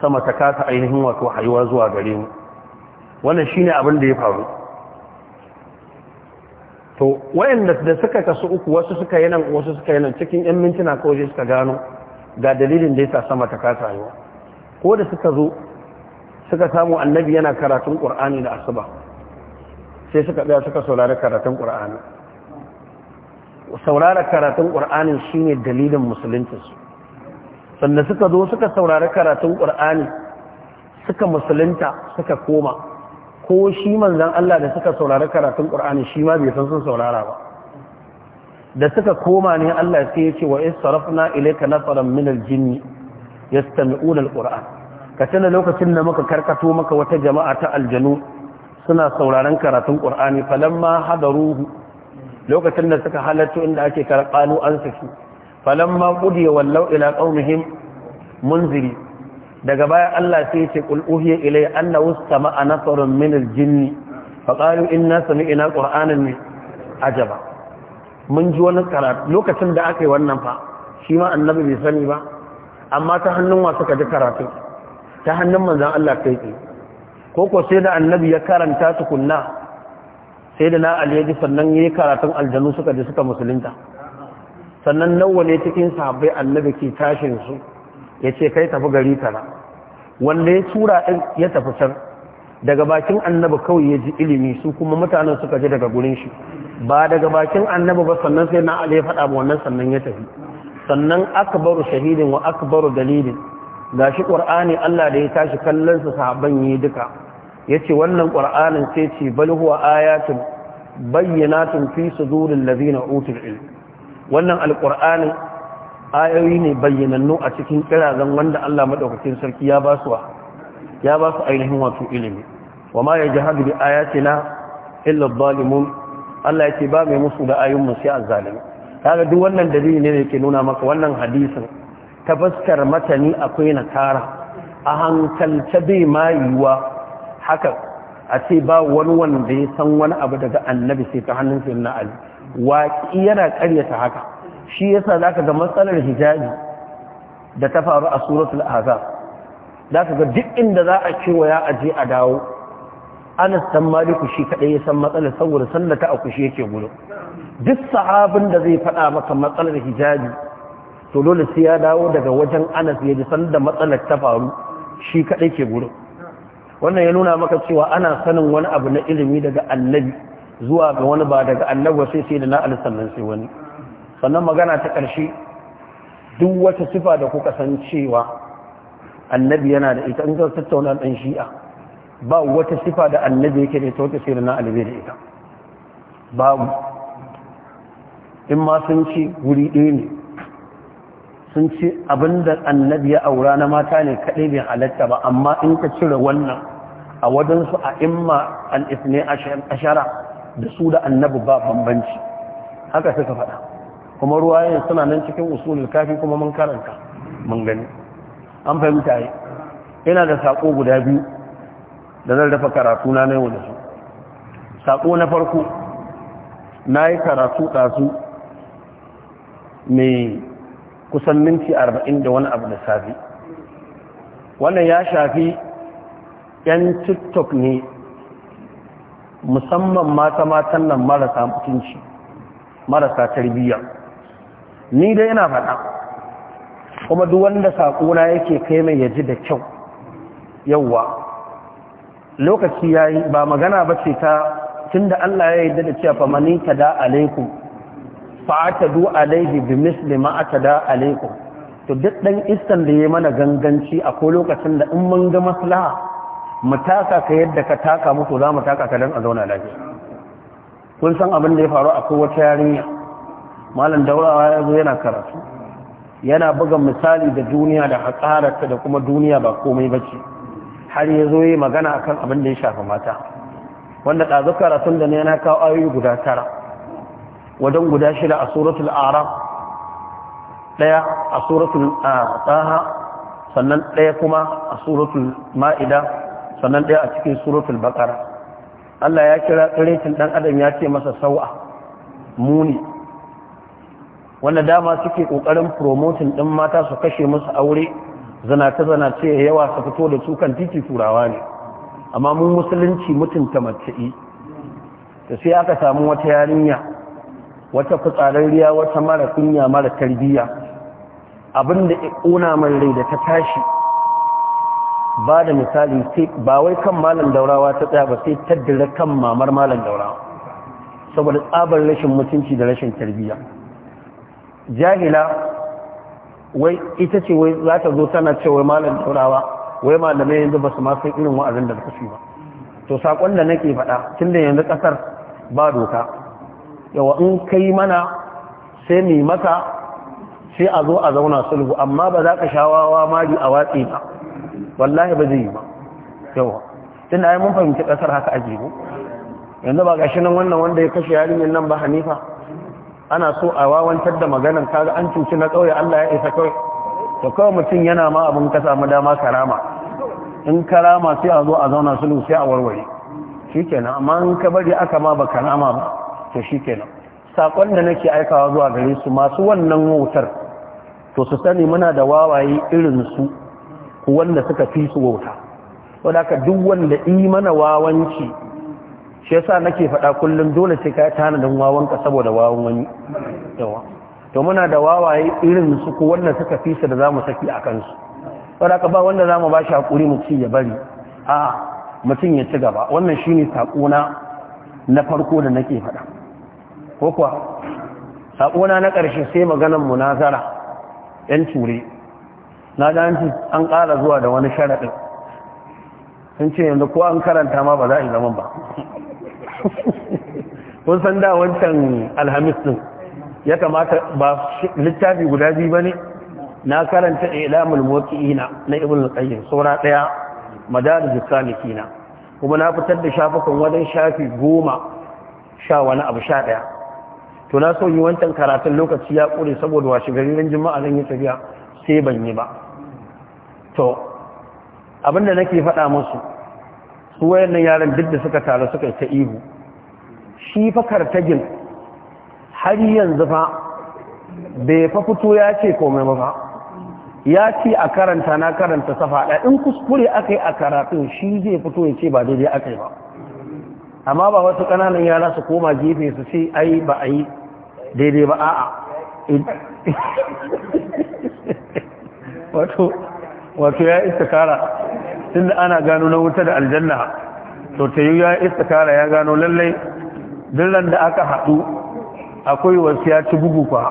sama ta kasa ainihin wato haiwa zuwa gare mu wannan shi ne abin da ya faru to wayanda da suka kasu uku wasu suka yi nan wasu suka yi nan cikin 'yan mintuna kawai suka gano ga dalilin da ya sa sama ta kasa haiwa ko da suka zo suka samu annabi yana karatun ƙur'ani da asuba sai suka tsaya suka saurari karatun ƙur'ani saurara karatun ƙur'ani ne dalilin musuluncinsu sannan suka zo suka saurari karatun ƙur'ani suka musulunta suka koma ko shi manzan Allah da suka saurari karatun ƙur'ani shi ma bai san sun saurara ba da suka koma ne Allah sai ya ce wa is sarafna ilayka nafaran min al-jinni yastami'una al-qur'an ka tana lokacin da muka karkato maka wata jama'a ta aljanu suna sauraron karatun qur'ani falamma hadaruhu lokacin da suka halatto inda ake karqalu an saki falamma qudiya wallau ila qaumihim munziri daga baya Allah sai ya ce qul uhiya ilayya annahu sama'a nasrun min al-jinni faqalu inna sami'na qur'anan ajaba mun ji wani karatu lokacin da aka yi wannan fa shi ma annabi bai sani ba amma ta hannun wa suka ji karatu ta hannun manzan Allah kai tsaye ko ko sai da annabi ya karanta tukunna sai da na aliyaji sannan ya yi karatun aljanu suka ji suka musulunta sannan nawa ne cikin sahabbai annabi ke tashin su ya ce kai tafi gari tara wanda ya tura ya tafi can daga bakin annabi kawai ya ji ilimi su kuma mutanen suka ji daga gurin shi ba daga bakin annabi ba sannan sai na ali ya faɗa wannan sannan ya tafi sannan akbaru shahidin wa akbaru dalilin ga shi ƙwar'ani Allah da ya tashi kallonsa sahabban yi duka ya ce wannan ƙwar'anin sai ce bal huwa bayyana tun fi zurin lazina utul ilm wannan alƙwar'anin ayoyi ne bayyanannu a cikin kirazan wanda Allah madaukakin sarki ya ba su ya ba su ainihin wato ilimi wa ma yajhadu bi ayatina illa adh-dhalimun Allah ya ce ba mai musu da ayoyin mu sai azzalimi kaga duk wannan dalili ne da yake nuna maka wannan hadisin ta matani akwai nakara a hankalta bai ma yiwuwa haka a ce ba wani wanda ya san wani abu daga annabi sai ta hannun sai na ali waƙi yana ƙaryata haka shi yasa za ka ga matsalar hijabi da ta faru a suratul aza za ka ga duk inda za a cewa a je a dawo anas san maliku shi kaɗai ya san matsalar saboda sallata a kushe yake gudu duk sahabin da zai faɗa maka matsalar hijabi to dole sai ya dawo daga wajen anas ya ji sanda matsalar ta faru shi kaɗai ke gurin wannan ya nuna maka cewa ana sanin wani abu na ilimi daga annabi zuwa ga wani ba daga annabi sai sai da na alisannan sai wani sannan magana ta ƙarshe duk wata sifa da kuka san cewa annabi yana da ita in ka tattauna ɗan shi'a ba wata sifa da annabi yake da ita wata sai da na alibi da ita babu in ma sun ce wuri ɗaya ne sun ce abinda annabi ya aura na mata ne kaɗai bai halatta ba amma in ka cire wannan a wadansu a imma al'isne ashara da su da annabi ba bambanci haka suka faɗa kuma ruwa yin suna nan cikin usulul kafi kuma mun karanta mun gani an fahimta yi ina da saƙo guda biyu da zan dafa karatu na yau da su saƙo na farko na yi karatu ɗazu mai kusan minti arba'in da wani abu da safi wannan ya shafi 'yan tiktok ne musamman mata matan nan marasa mutunci marasa tarbiyya ni da yana faɗa kuma duk wanda saƙona yake kai mai yaji da kyau yauwa lokaci yayi ba magana ba ce ta tunda Allah ya yarda da cewa fa ta da alaikum du'a alaihi bi misli ma atada alaikum to duk ɗan iskan da yayi mana ganganci a ko lokacin da in mun ga maslaha mu taka ka yadda ka taka musu za mu taka ka dan a zauna lafiya kun san abin da ya faru a kowace yarinya malam daurawa ya zo yana karatu yana buga misali da duniya da hatsararta da kuma duniya ba komai ba bace har ya zo yi magana akan abin da ya shafi mata wanda ɗazu karatun da ne yana kawo ayoyi guda tara wajen guda shida a suratul ara, daya a suratul taha sannan daya kuma a suratul ma'ida sannan daya a cikin suratul baqara Allah ya kira tsiritin dan adam ya ce masa sau'a muni wanda dama suke kokarin promoting din mata su kashe musu aure zanata ya yawa su fito da su titi turawa ne amma mun musulunci mutunta mace ta sai aka samu wata yarinya wata fitsararriya wata mara kunya mara tarbiyya abinda ya ƙuna man rai da ta tashi ba da misali sai ba wai kan malam daurawa ta tsaya ba sai taddira kan mamar malam daurawa saboda tsabar rashin mutunci da rashin tarbiyya jahila wai ita ce wai za ta zo tana ce wai malam daurawa wai malamai yanzu ba su ma sai irin wa'azin da suka ba to saƙon da nake faɗa tun da yanzu ƙasar ba doka yawa in kai mana sai mai maka sai a zo a zauna sulhu amma ba za ka shawawa mari a watsi ba wallahi ba zai yi ba yawa tun da mun fahimci kasar haka a jibu yanzu ba gashi nan wannan wanda ya kashe yarinyar nan ba hanifa ana so a wawantar da maganan kaga an cuci na kauye Allah ya isa kawai to kawai mutum yana ma abin ka samu dama karama in karama sai a zo a zauna sulhu sai a warware shikenan amma in ka bari aka ma ba karama ba to shi kenan saƙon da nake aikawa zuwa gare su masu wannan wautar to su sani muna da wawaye irin su wanda suka fi su wauta wadaka duk wanda yi mana wawanci shi yasa nake faɗa kullum dole sai ka tana don wawanka saboda wawan wani yawa to muna da wawaye irin su ko wanda suka fi su da zamu saki a kansu wadaka ba wanda zamu ba shi hakuri mu ci ya bari a mutum ya ci gaba wannan shine saƙona na farko da nake faɗa ko kuwa saƙona na ƙarshe sai maganan munazara ‘yan ture na ɗanci an ƙara zuwa da wani sharaɗin sun ce yanzu ko an karanta ma ba za a yi zaman ba kun san da wancan alhamis ɗin ya kamata ba littafi guda biyu ba ne na karanta ilamul ina na ibn al-qayyim saura ɗaya madarijus salikina kuma na fitar da shafukan wajen shafi goma sha wani abu sha ɗaya to na son yi wancan karatun lokaci ya kure saboda washe gari ran juma'a zan yi tafiya sai ban yi ba to abinda nake faɗa musu su wayannan yaran duk da suka taru suka ta ihu shi fakar tagin har yanzu fa bai fa fito ya ce komai ba ya ce a karanta na karanta safa in kuskure aka yi a karatun shi zai fito ya ce ba daidai aka yi ba amma ba wasu kananan yara su koma gefe su ce ai ba a yi daidai ba a wato wato ya istikara da ana gano na wuta da aljanna to ta yi ya istikara ya gano lallai dillan da aka haɗu akwai wasu ya ci bugu kwa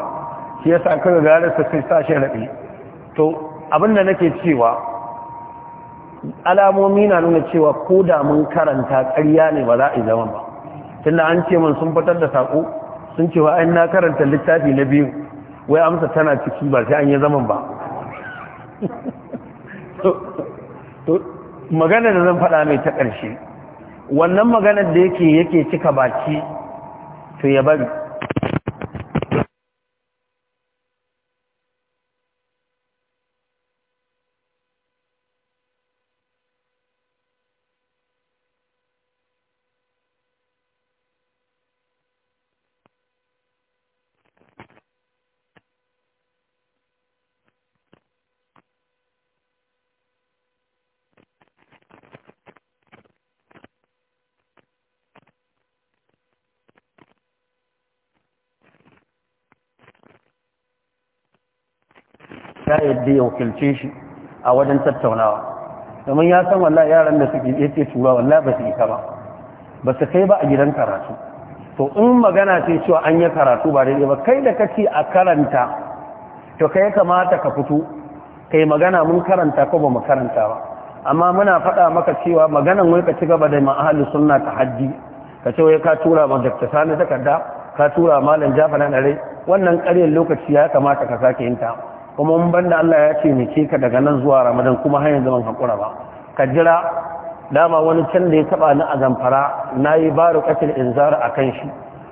shi ya sa kaga gara sa sai sa raɗi to abinda nake cewa alamomi na nuna cewa ko da mun karanta ƙarya ne ba za a yi zama ba tunda an ce mun sun fitar da saƙo sun ce wa na karanta littafi na biyu wai amsa tana ciki ba sai an yi zaman ba magana da zan faɗa mai ta ƙarshe wannan maganar da yake yake cika baki to ya bari yadda ya wakilce shi a wajen tattaunawa domin ya san wallahi yaran da suke yake tura walla ba su yi ba ba su kai ba a gidan karatu to in magana ce cewa an yi karatu ba daidai ba kai da kake a karanta to kai kamata ka fito kai magana mun karanta ko ba mu karanta ba amma muna faɗa maka cewa maganan wai ka ci gaba da ma'ahali sunna ta hajji ka ce wai ka tura ma dakta sani takarda ka tura malam jafar na dare wannan ƙaryar lokaci ya kamata ka sake yin ta kuma mun banda Allah ya ce mike ka daga nan zuwa Ramadan kuma har zaman ban hakura ba ka jira dama wani can da ya taɓa ni a zamfara nayi baro katil a akan shi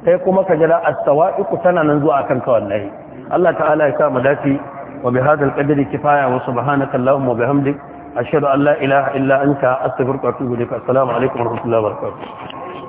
sai kuma ka jira as-sawa'iqu tana nan zuwa akan ka wallahi Allah ta'ala ya sa mu dace wa bi hadal qadri kifaya wa subhanaka allahumma wa bihamdik ashhadu an la ilaha illa anta astaghfiruka wa atubu ilaik assalamu alaikum wa rahmatullahi wa barakatuh